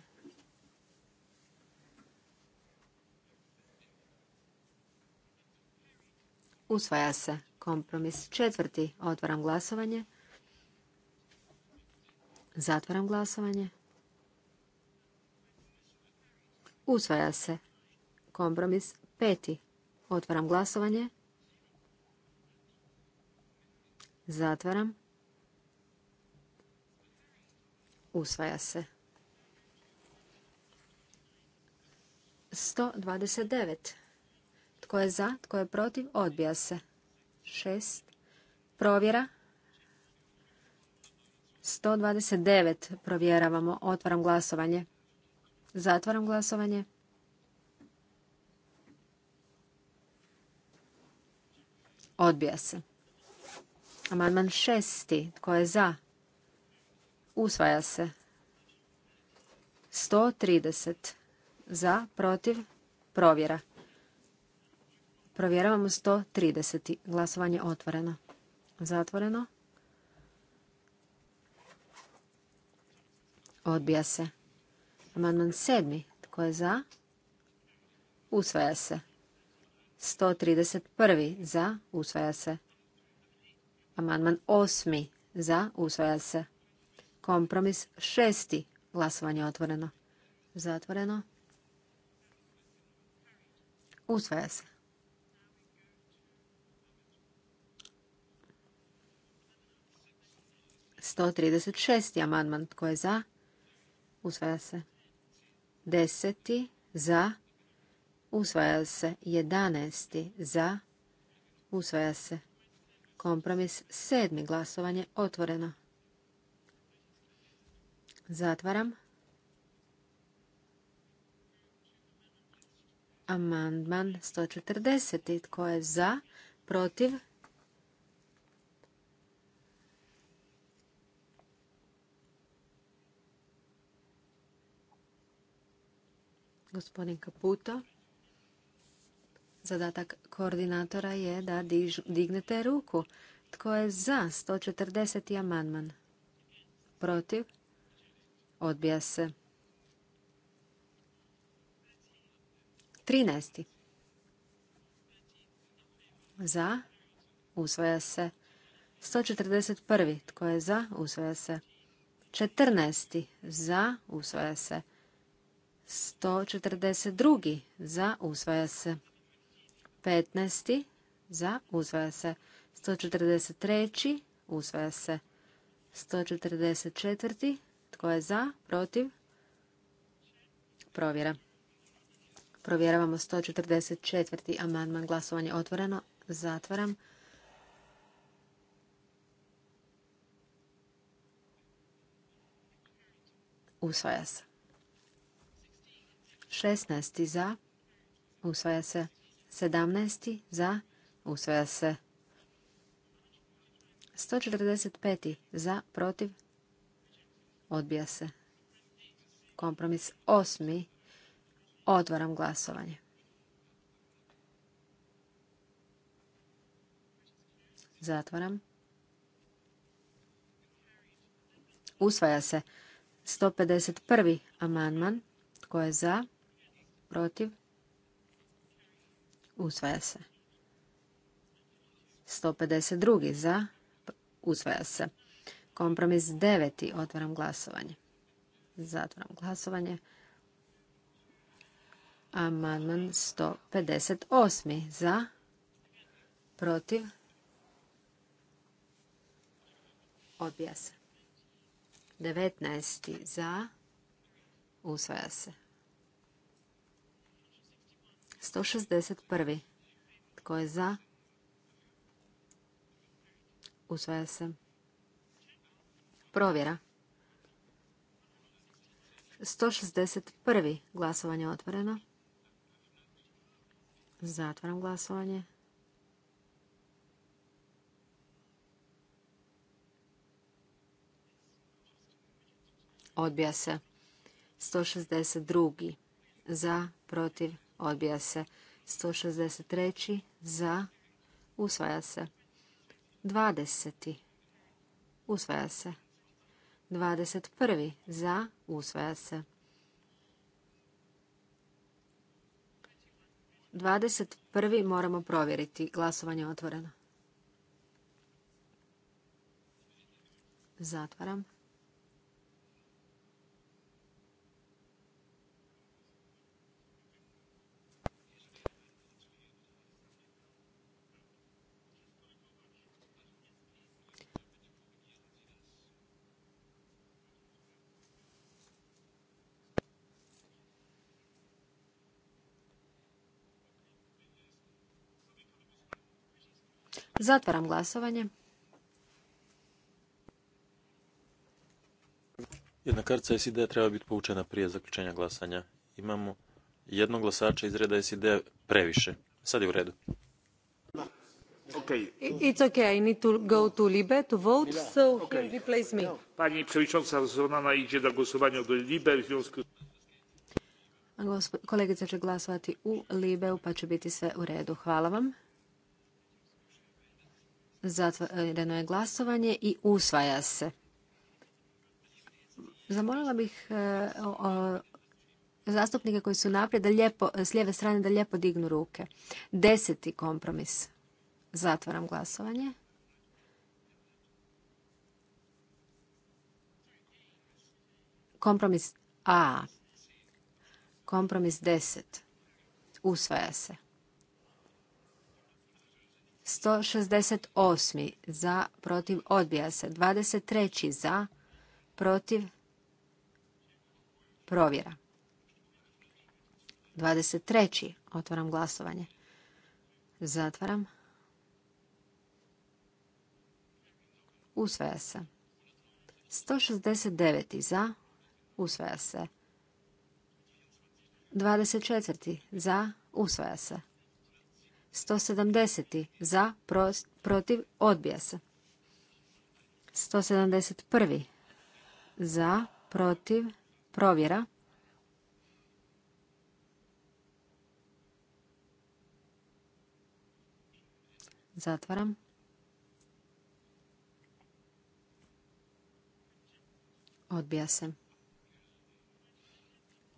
Usvaja se kompromis četvrti. Otvaram glasovanje. Zatvaram glasovanje. Usvaja se kompromis peti. Otvaram glasovanje. Zatvaram. Usvaja se. 129. Tko je za, tko je protiv, odbija se. Šest. Provjera. 129. Provjeravamo. Otvaram glasovanje. Zatvaram glasovanje. Odbija se. Amandman šesti. Tko je za? Usvaja se. 130. Za, protiv, provjera. Provjeravamo 130. Glasovanje otvoreno. Zatvoreno. Odbija se. Amandman sedmi. Tko je za? Usvaja se. 131. Za. Usvaja se. Amandman osmi. Za. Usvaja se. Kompromis šesti. Glasovanje otvoreno. Zatvoreno. Usvaja se. Sto trideset šest amandman tko je za? Usvaja se. Deseti za. Usvaja se. Jedanesti za. Usvaja se. Kompromis sedmi glasovanje otvoreno. Zatvaram. Amandman 140. Tko je za? Protiv? Gospodin Kaputo. Zadatak koordinatora je da dignete ruku. Tko je za 140. amandman? Protiv? Odbija se. 13. Za. Usvaja se. 141. Tko je za? Usvaja se. 14. Za. Usvaja se. 142. Za. Usvaja se. 15. Za. Usvoja se. 143. Usvaja se. 144. Tko je za? Protiv? Provjera. Provjeravamo 144. amandman. Glasovanje otvoreno. Zatvaram. Usvaja se. 16. za. Usvaja se. 17. za. Usvaja se. 145. za. Protiv. Odbija se. Kompromis osmi. Otvaram glasovanje. Zatvaram. Usvaja se 151. amandman. Tko je za? Protiv? Usvaja se. 152. za? Usvaja se. Kompromis deveti. Otvaram glasovanje. Zatvaram glasovanje. Amandman 158. Za. Protiv. Odbija se. 19. Za. Usvaja se. 161. Tko je za? Usvaja se. Provjera. 161. Glasovanje otvoreno. Zatvaram glasovanje. Odbija se. 162. Za, protiv, odbija se. 163. Za, usvaja se. 20. Usvaja se. 21. Za. Usvaja se. 21. moramo provjeriti. Glasovanje je otvoreno. Zatvaram. Zatvaram glasovanje. Jedna kartica SID treba biti povučena prije zaključenja glasanja. Imamo jednog glasača iz reda SID previše. Sad je u redu. It's okay, I need to go to Libe to vote, so okay. replace me. Pani przewodnicząca Zonana idzie do głosowania do Libe Kolegica će glasovati u Libeu, pa će biti sve u redu. Hvala vam. Zatvoreno je glasovanje i usvaja se. Zamolila bih e, zastupnike koji su naprijed da lijepo, e, s lijeve strane da lijepo dignu ruke. Deseti kompromis. Zatvaram glasovanje. Kompromis A. Kompromis 10. Usvaja se. 168. za, protiv, odbija se. 23. za, protiv, provjera. 23. otvaram glasovanje. Zatvaram. Usvaja se. 169. za, usvaja se. 24. za, usvaja se. 170. za, protiv, odbija se. 171. za, protiv, provjera. Zatvaram. Odbija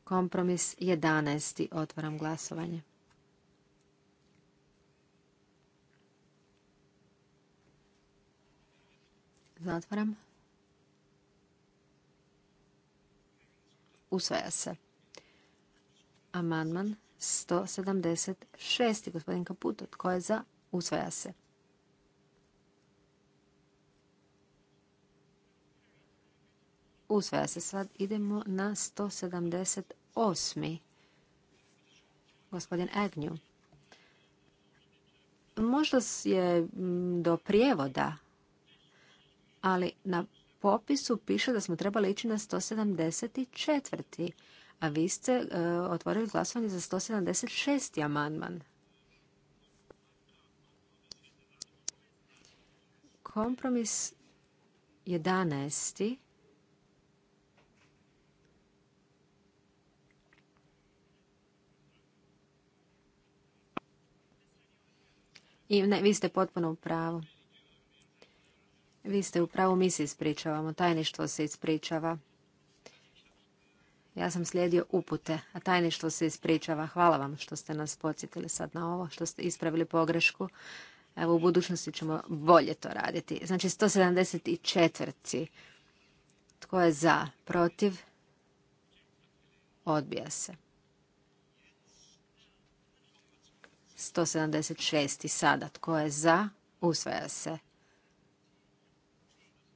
Kompromis 11. Otvaram glasovanje. Zatvaram. Usvaja se. Amandman 176. Gospodin Kaputo, tko je za? Usvaja se. Usvaja se. Sad idemo na 178. Gospodin Agnew. Možda je do prijevoda ali na popisu piše da smo trebali ići na 174. A vi ste e, otvorili glasovanje za 176. amandman. Kompromis 11. I ne, vi ste potpuno u pravu. Vi ste u pravu, mi se ispričavamo, tajništvo se ispričava. Ja sam slijedio upute, a tajništvo se ispričava. Hvala vam što ste nas podsjetili sad na ovo, što ste ispravili pogrešku. Evo, u budućnosti ćemo bolje to raditi. Znači, 174. Tko je za, protiv? Odbija se. 176. Sada, tko je za? Usvaja se.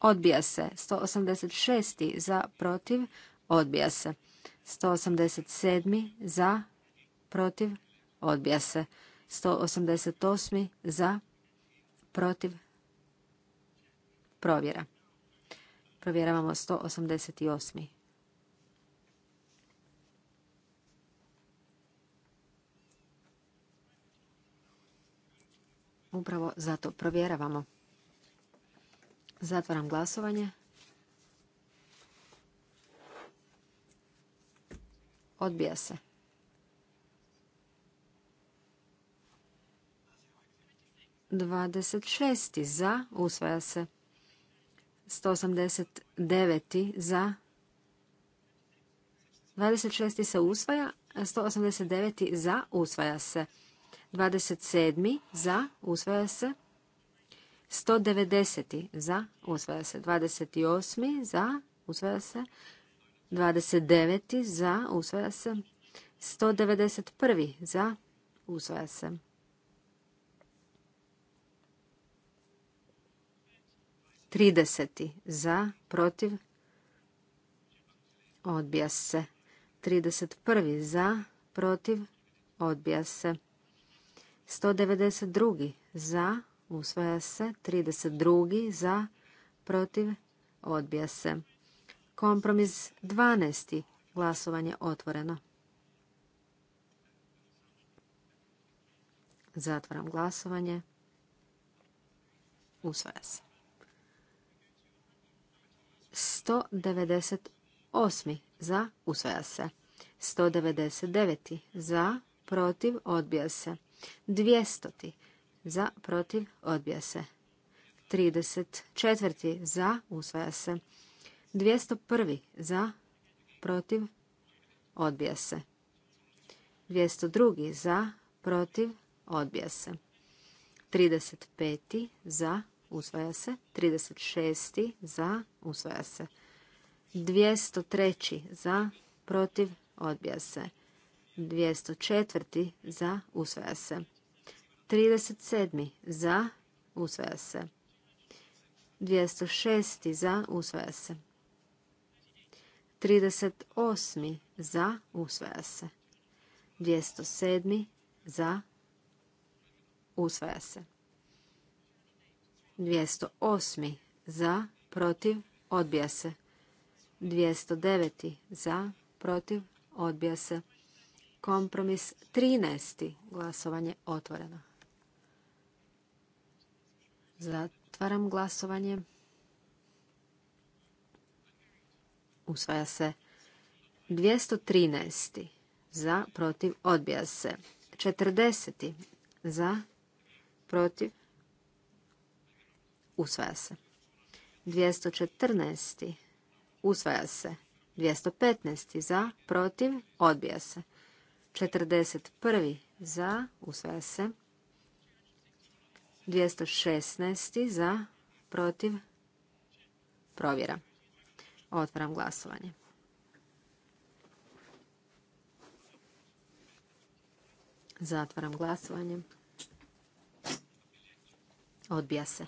Odbija se. 186. za protiv. Odbija se. 187. za protiv. Odbija se. 188. za protiv. Provjera. Provjeravamo 188. Upravo zato provjeravamo. Zatvaram glasovanje. Odbija se. Dvadeset šesti za, usvaja se. 189. za. dvadeset 26. se usvaja, sto osamdeset 189. za, usvaja se. Dvadeset 27. za, usvaja se. 190. za, usvaja se. 28. za, usvaja se. 29. za, usvaja se. 191. za, usvaja se. 30. za, protiv, odbija se. 31. za, protiv, odbija se. 192. za, usvaja se. 32. za, protiv, odbija se. Kompromis 12. Glasovanje otvoreno. Zatvaram glasovanje. Usvaja se. 198. za usvaja se. 199. za protiv odbija se. 200 za, protiv, odbija se. 34. za, usvaja se. 201. za, protiv, odbija se. 202. za, protiv, odbija se. 35. za, usvaja se. 36. za, usvaja se. 203. za, protiv, odbija se. 204. za, usvaja se. 37. za, usvaja se. 206. za, usvaja se. 38. za, usvaja se. 207. za, usvaja se. 208. za, protiv, odbija se. 209. za, protiv, odbija se. Kompromis 13. Glasovanje otvoreno. Zatvaram glasovanje. Usvaja se 213. Za, protiv, odbija se. 40. Za, protiv, usvaja se. 214. Usvaja se. 215. Za, protiv, odbija se. 41. Za, usvaja se. 216. za, protiv, provjera. Otvaram glasovanje. Zatvaram glasovanje. Odbija se.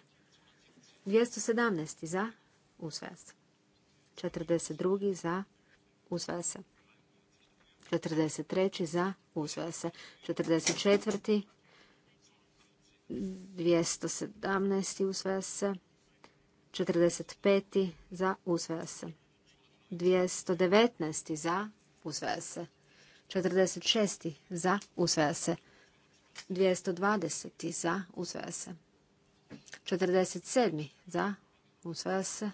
217. za, usvaja se. 42. za, usvaja se. 43. za, usvaja se. 44. 217. usvaja se. 45. za usvaja se. 219. za usvaja se. 46. za usvaja se. 220. za usvaja se. 47. za usvaja se.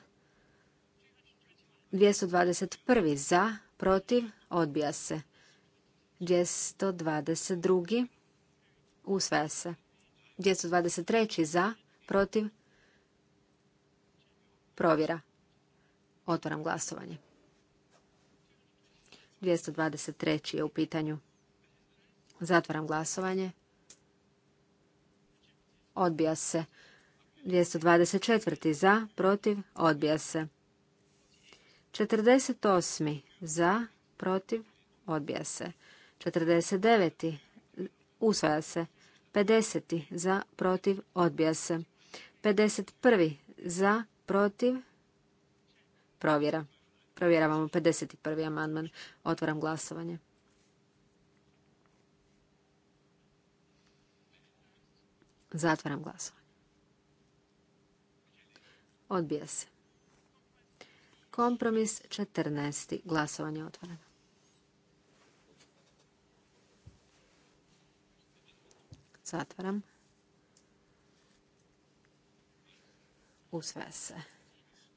221. za protiv odbija se. 222. usvaja se. 223. za, protiv, provjera. Otvaram glasovanje. 223. je u pitanju. Zatvaram glasovanje. Odbija se. 224. za, protiv, odbija se. 48. za, protiv, odbija se. 49. usvaja se. 50. za, protiv, odbija se. 51. za, protiv, provjera. Provjeravamo 51. amandman. Otvaram glasovanje. Zatvaram glasovanje. Odbija se. Kompromis 14. Glasovanje otvoreno. Zatvaram. Usvaja se.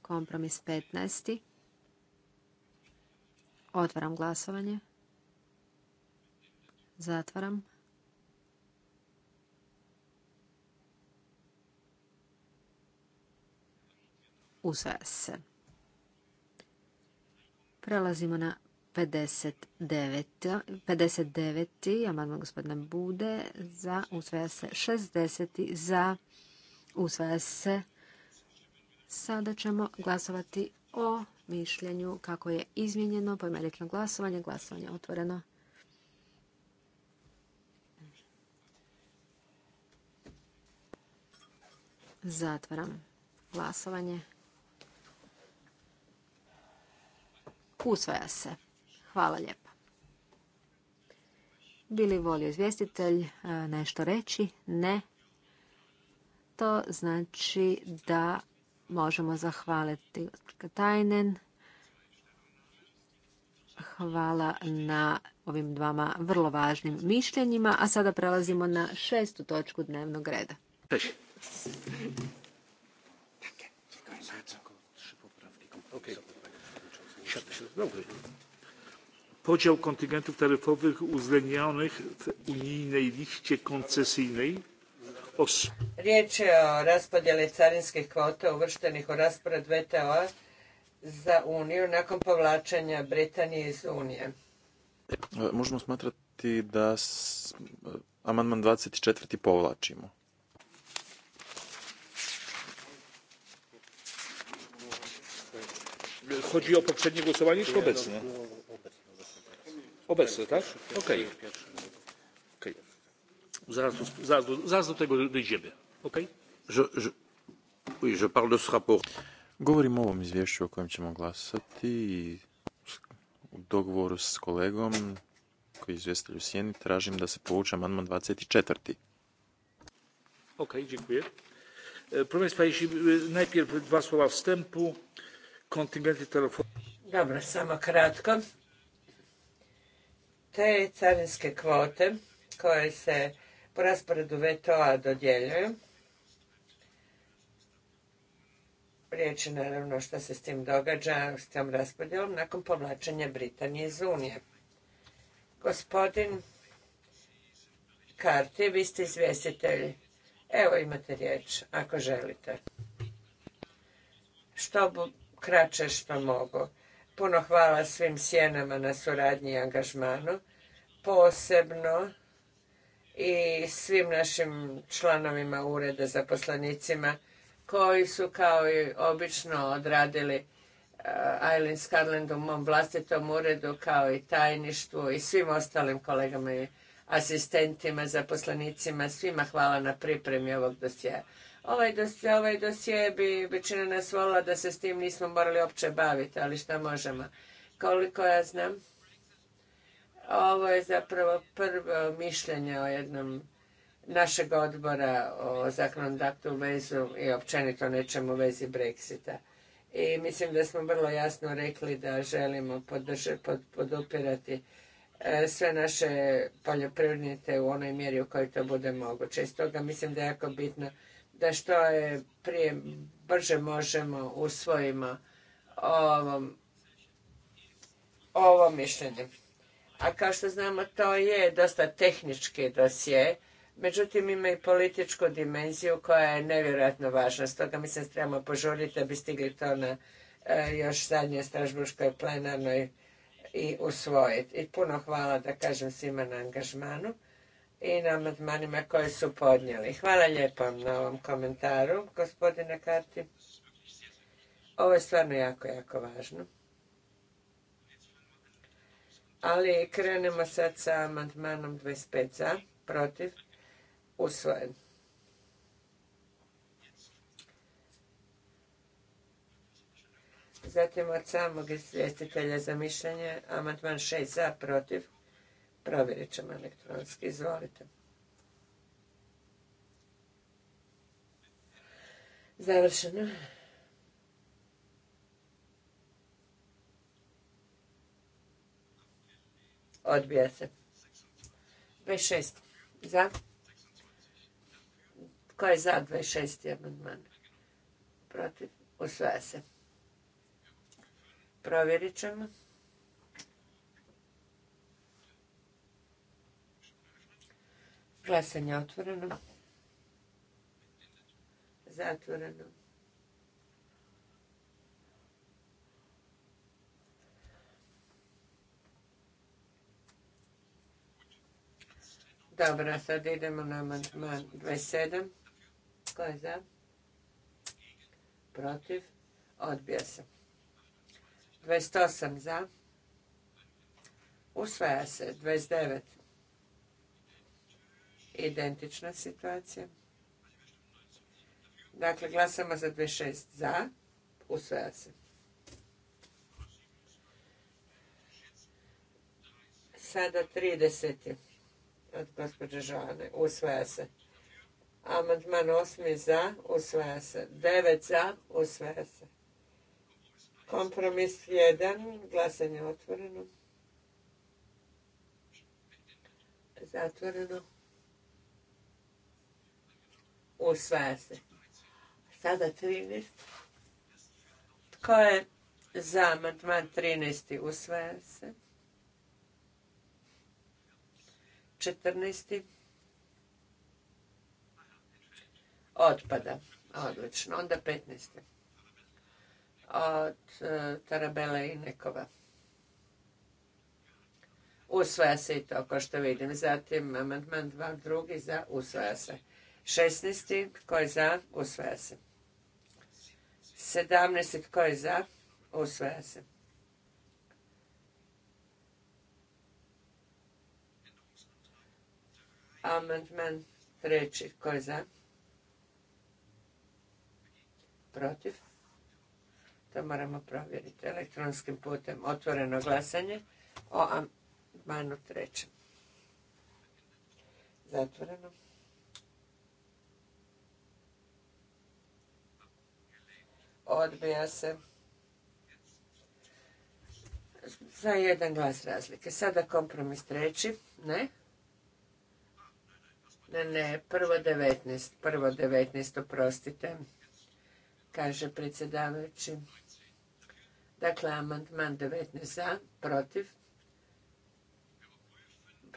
Kompromis 15. Otvaram glasovanje. Zatvaram. Usvaja se. Prelazimo na 59. 59. amandman gospodina Bude za usvaja se 60. za usvaja se. Sada ćemo glasovati o mišljenju kako je izmijenjeno pojmenično glasovanje. Glasovanje je otvoreno. Zatvaram glasovanje. Usvaja se. Hvala lijepa. Bili volio izvjestitelj e, nešto reći? Ne. To znači da možemo zahvaliti Katajnen. Hvala na ovim dvama vrlo važnim mišljenjima, a sada prelazimo na šestu točku dnevnog reda. Okay podział kontyngentów taryfowych uwzględnionych w unijnej liście koncesyjnej. Riječ je o raspodjeli carinskih kvota uvrštenih u raspored VTO-a za Uniju nakon povlačenja Britanije iz Unije. E, možemo smatrati da amandman 24. povlačimo. Chodzi o poprzednie głosowanie czy obecne? Obecny, tak? Okej. Okay. Zaraz, zaraz, zaraz do tego dojdziemy. Okay? Że że, je parle de ce rapport. Govorim o ovom izvješću o kojem ćemo glasati i u dogovoru s kolegom koji je izvjestilj u Sijeni tražim da se povuče amandman 24. Ok, dziękuję. E, proszę Państwa, jeśli e, najpierw dwa słowa wstępu, kontyngenty telefonu. Dobra, samo kratko. Te carinske kvote koje se po rasporedu VTO-a dodjeljuju, riječ je naravno što se s tim događa, s tom raspodjelom, nakon povlačenja Britanije iz Unije. Gospodin Karti, vi ste izvjestitelj. Evo imate riječ, ako želite. Što kraće što mogu. Puno hvala svim sjenama na suradnji i angažmanu, posebno i svim našim članovima ureda, zaposlenicima, koji su kao i obično odradili e, Eileen Scarland u mom vlastitom uredu kao i tajništvu i svim ostalim kolegama i asistentima, zaposlenicima, svima hvala na pripremi ovog dosjea Ovaj, dosje, ovaj dosje bi većina nas volila da se s tim nismo morali opće baviti, ali šta možemo. Koliko ja znam, ovo je zapravo prvo mišljenje o jednom našeg odbora o datu u vezu i općenito nečem u vezi Brexita. I mislim da smo vrlo jasno rekli da želimo podupirati e, sve naše poljoprivrednike u onoj mjeri u kojoj to bude moguće. I stoga mislim da je jako bitno da što je prije brže možemo usvojimo ovo, ovo mišljenje. A kao što znamo, to je dosta tehnički dosje, međutim ima i političku dimenziju koja je nevjerojatno važna. Stoga mislim da trebamo požuriti da bi stigli to na e, još zadnje i plenarnoj i usvojiti. I puno hvala da kažem svima na angažmanu i na amandmanima koje su podnijeli. Hvala lijepo na ovom komentaru, gospodine Karti. Ovo je stvarno jako, jako važno. Ali krenemo sad sa amandmanom 25 za, protiv, usvojen. Zatim od samog izvjestitelja za mišljenje, amandman 6 za, protiv, Provjerit ćemo elektronski. Izvolite. Završeno. Odbija se. 26. Za? Ko je za 26. amandman? Protiv? Usvaja se. Provjerit ćemo. Glasanje otvoreno. Zatvoreno. Dobro, sad idemo na amandman 27. Ko je za? Protiv? Odbija se. 28 za. Usvaja se. 29 identična situacija. Dakle, glasamo za 26 za, usvaja se. Sada 30. od gospođe Žane, usvaja se. Amandman 8 za, usvaja se. 9 za, usvaja se. Kompromis 1, glasanje otvoreno. Zatvoreno. Usvaja se. Sada 13. Tko je za amandman 13. Usvaja se. 14. Otpada. Odlično. Onda 15. Od e, Tarabela i Nekova. Usvaja se i to, ako što vidim. Zatim, amantman 2, drugi za usvaja se. 16. tko je za, usvaja se. 17. tko je za, usvaja se. Amandman treći, tko je za? Protiv? To moramo provjeriti elektronskim putem. Otvoreno glasanje o amandmanu trećem. Zatvoreno. odbija se za jedan glas razlike. Sada kompromis treći, ne? Ne, ne, prvo 19, prvo 19, oprostite, kaže predsjedavajući. Dakle, amandman 19 za, protiv.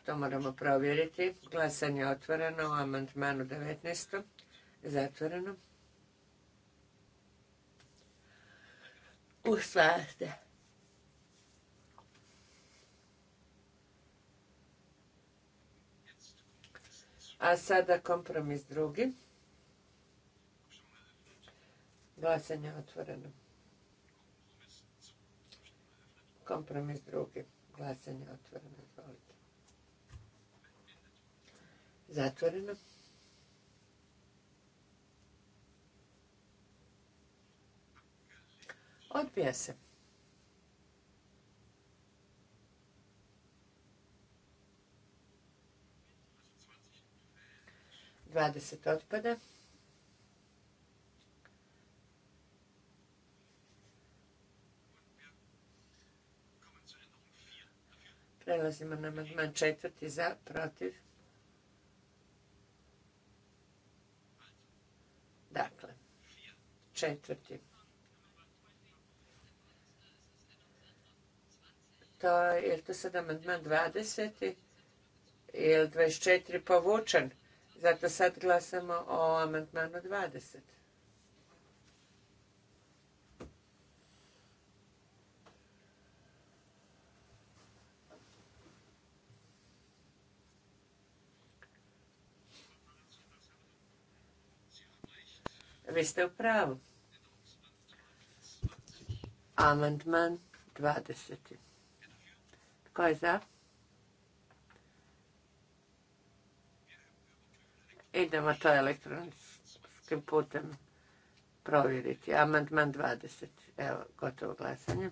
To moramo provjeriti. Glasanje je otvoreno u amandmanu 19. Zatvoreno. usvaja A sada kompromis drugi. Glasanje otvoreno. Kompromis drugi. Glasanje otvoreno. Izvolite. Zatvoreno. Odbija se. Dvadeset otpada. Prelazimo na amandman četvrti za, protiv. Dakle, četvrti. to je to sad amandman 20. ili 24 povučen. Zato sad glasamo o amandmanu 20. Vi ste u pravu. Amandman 20. Tko je za? Idemo to elektronskim putem provjeriti. Amandman 20. Evo, gotovo glasanje.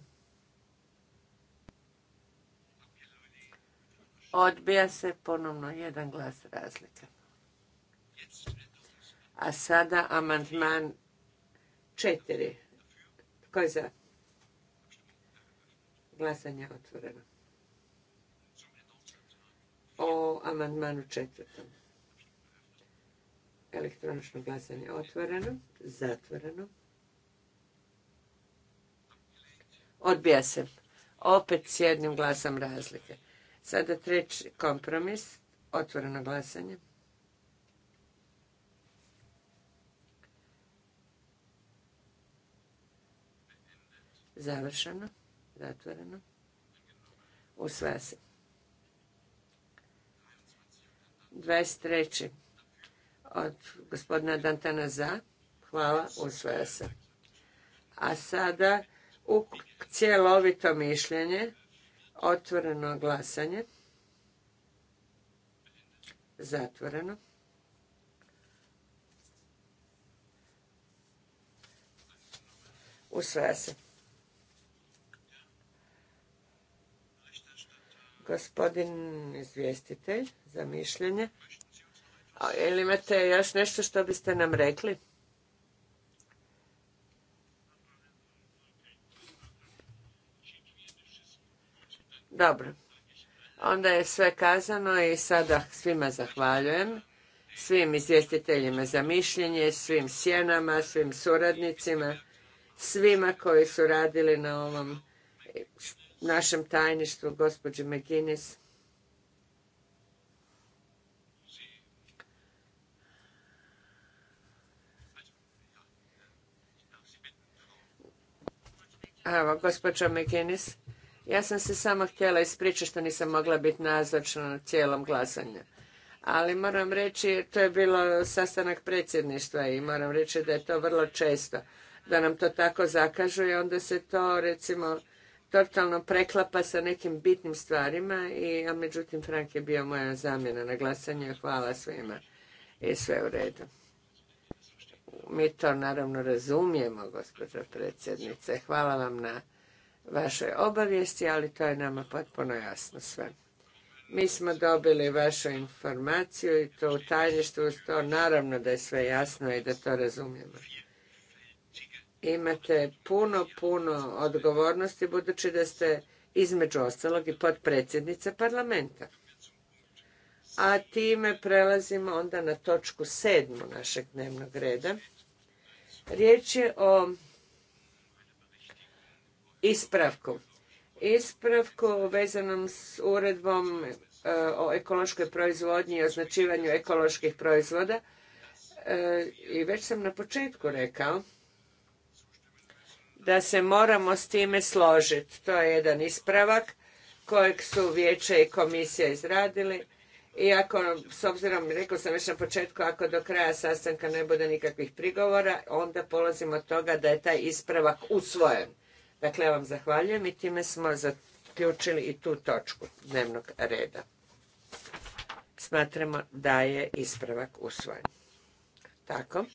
Odbija se ponovno jedan glas razlike. A sada amandman 4. Tko je za? Glasanje otvoreno o amandmanu četvrtom. Elektronično glasanje otvoreno, zatvoreno. Odbija se. Opet s jednim glasom razlike. Sada treći kompromis, otvoreno glasanje. Završeno, zatvoreno. Usvaja se. 23. od gospodina Dantana za. Hvala, usvaja se. A sada u cjelovito mišljenje, otvoreno glasanje, zatvoreno. Usvaja se. Gospodin izvjestitelj za mišljenje. Ili imate još nešto što biste nam rekli? Dobro. Onda je sve kazano i sada svima zahvaljujem. Svim izvjestiteljima za mišljenje, svim sjenama, svim suradnicima, svima koji su radili na ovom našem tajništvu, gospođi McGinnis. Evo, gospođo McGinnis. ja sam se samo htjela ispričati što nisam mogla biti nazočna na cijelom glasanju. Ali moram reći, to je bilo sastanak predsjedništva i moram reći da je to vrlo često. Da nam to tako zakažu i onda se to recimo totalno preklapa sa nekim bitnim stvarima, i, a međutim Frank je bio moja zamjena na glasanje. Hvala svima i sve u redu. Mi to naravno razumijemo, gospođo predsjednice. Hvala vam na vašoj obavijesti, ali to je nama potpuno jasno sve. Mi smo dobili vašu informaciju i to u tajništvu, to naravno da je sve jasno i da to razumijemo imate puno, puno odgovornosti budući da ste između ostalog i potpredsjednica parlamenta. A time prelazimo onda na točku sedmu našeg dnevnog reda. Riječ je o ispravku. Ispravku vezanom s uredbom e, o ekološkoj proizvodnji i označivanju ekoloških proizvoda. E, I već sam na početku rekao da se moramo s time složiti. To je jedan ispravak kojeg su vijeće i komisija izradili. ako, s obzirom, rekao sam već na početku, ako do kraja sastanka ne bude nikakvih prigovora, onda polazimo od toga da je taj ispravak usvojen. Dakle, ja vam zahvaljujem i time smo zaključili i tu točku dnevnog reda. Smatramo da je ispravak usvojen. Tako.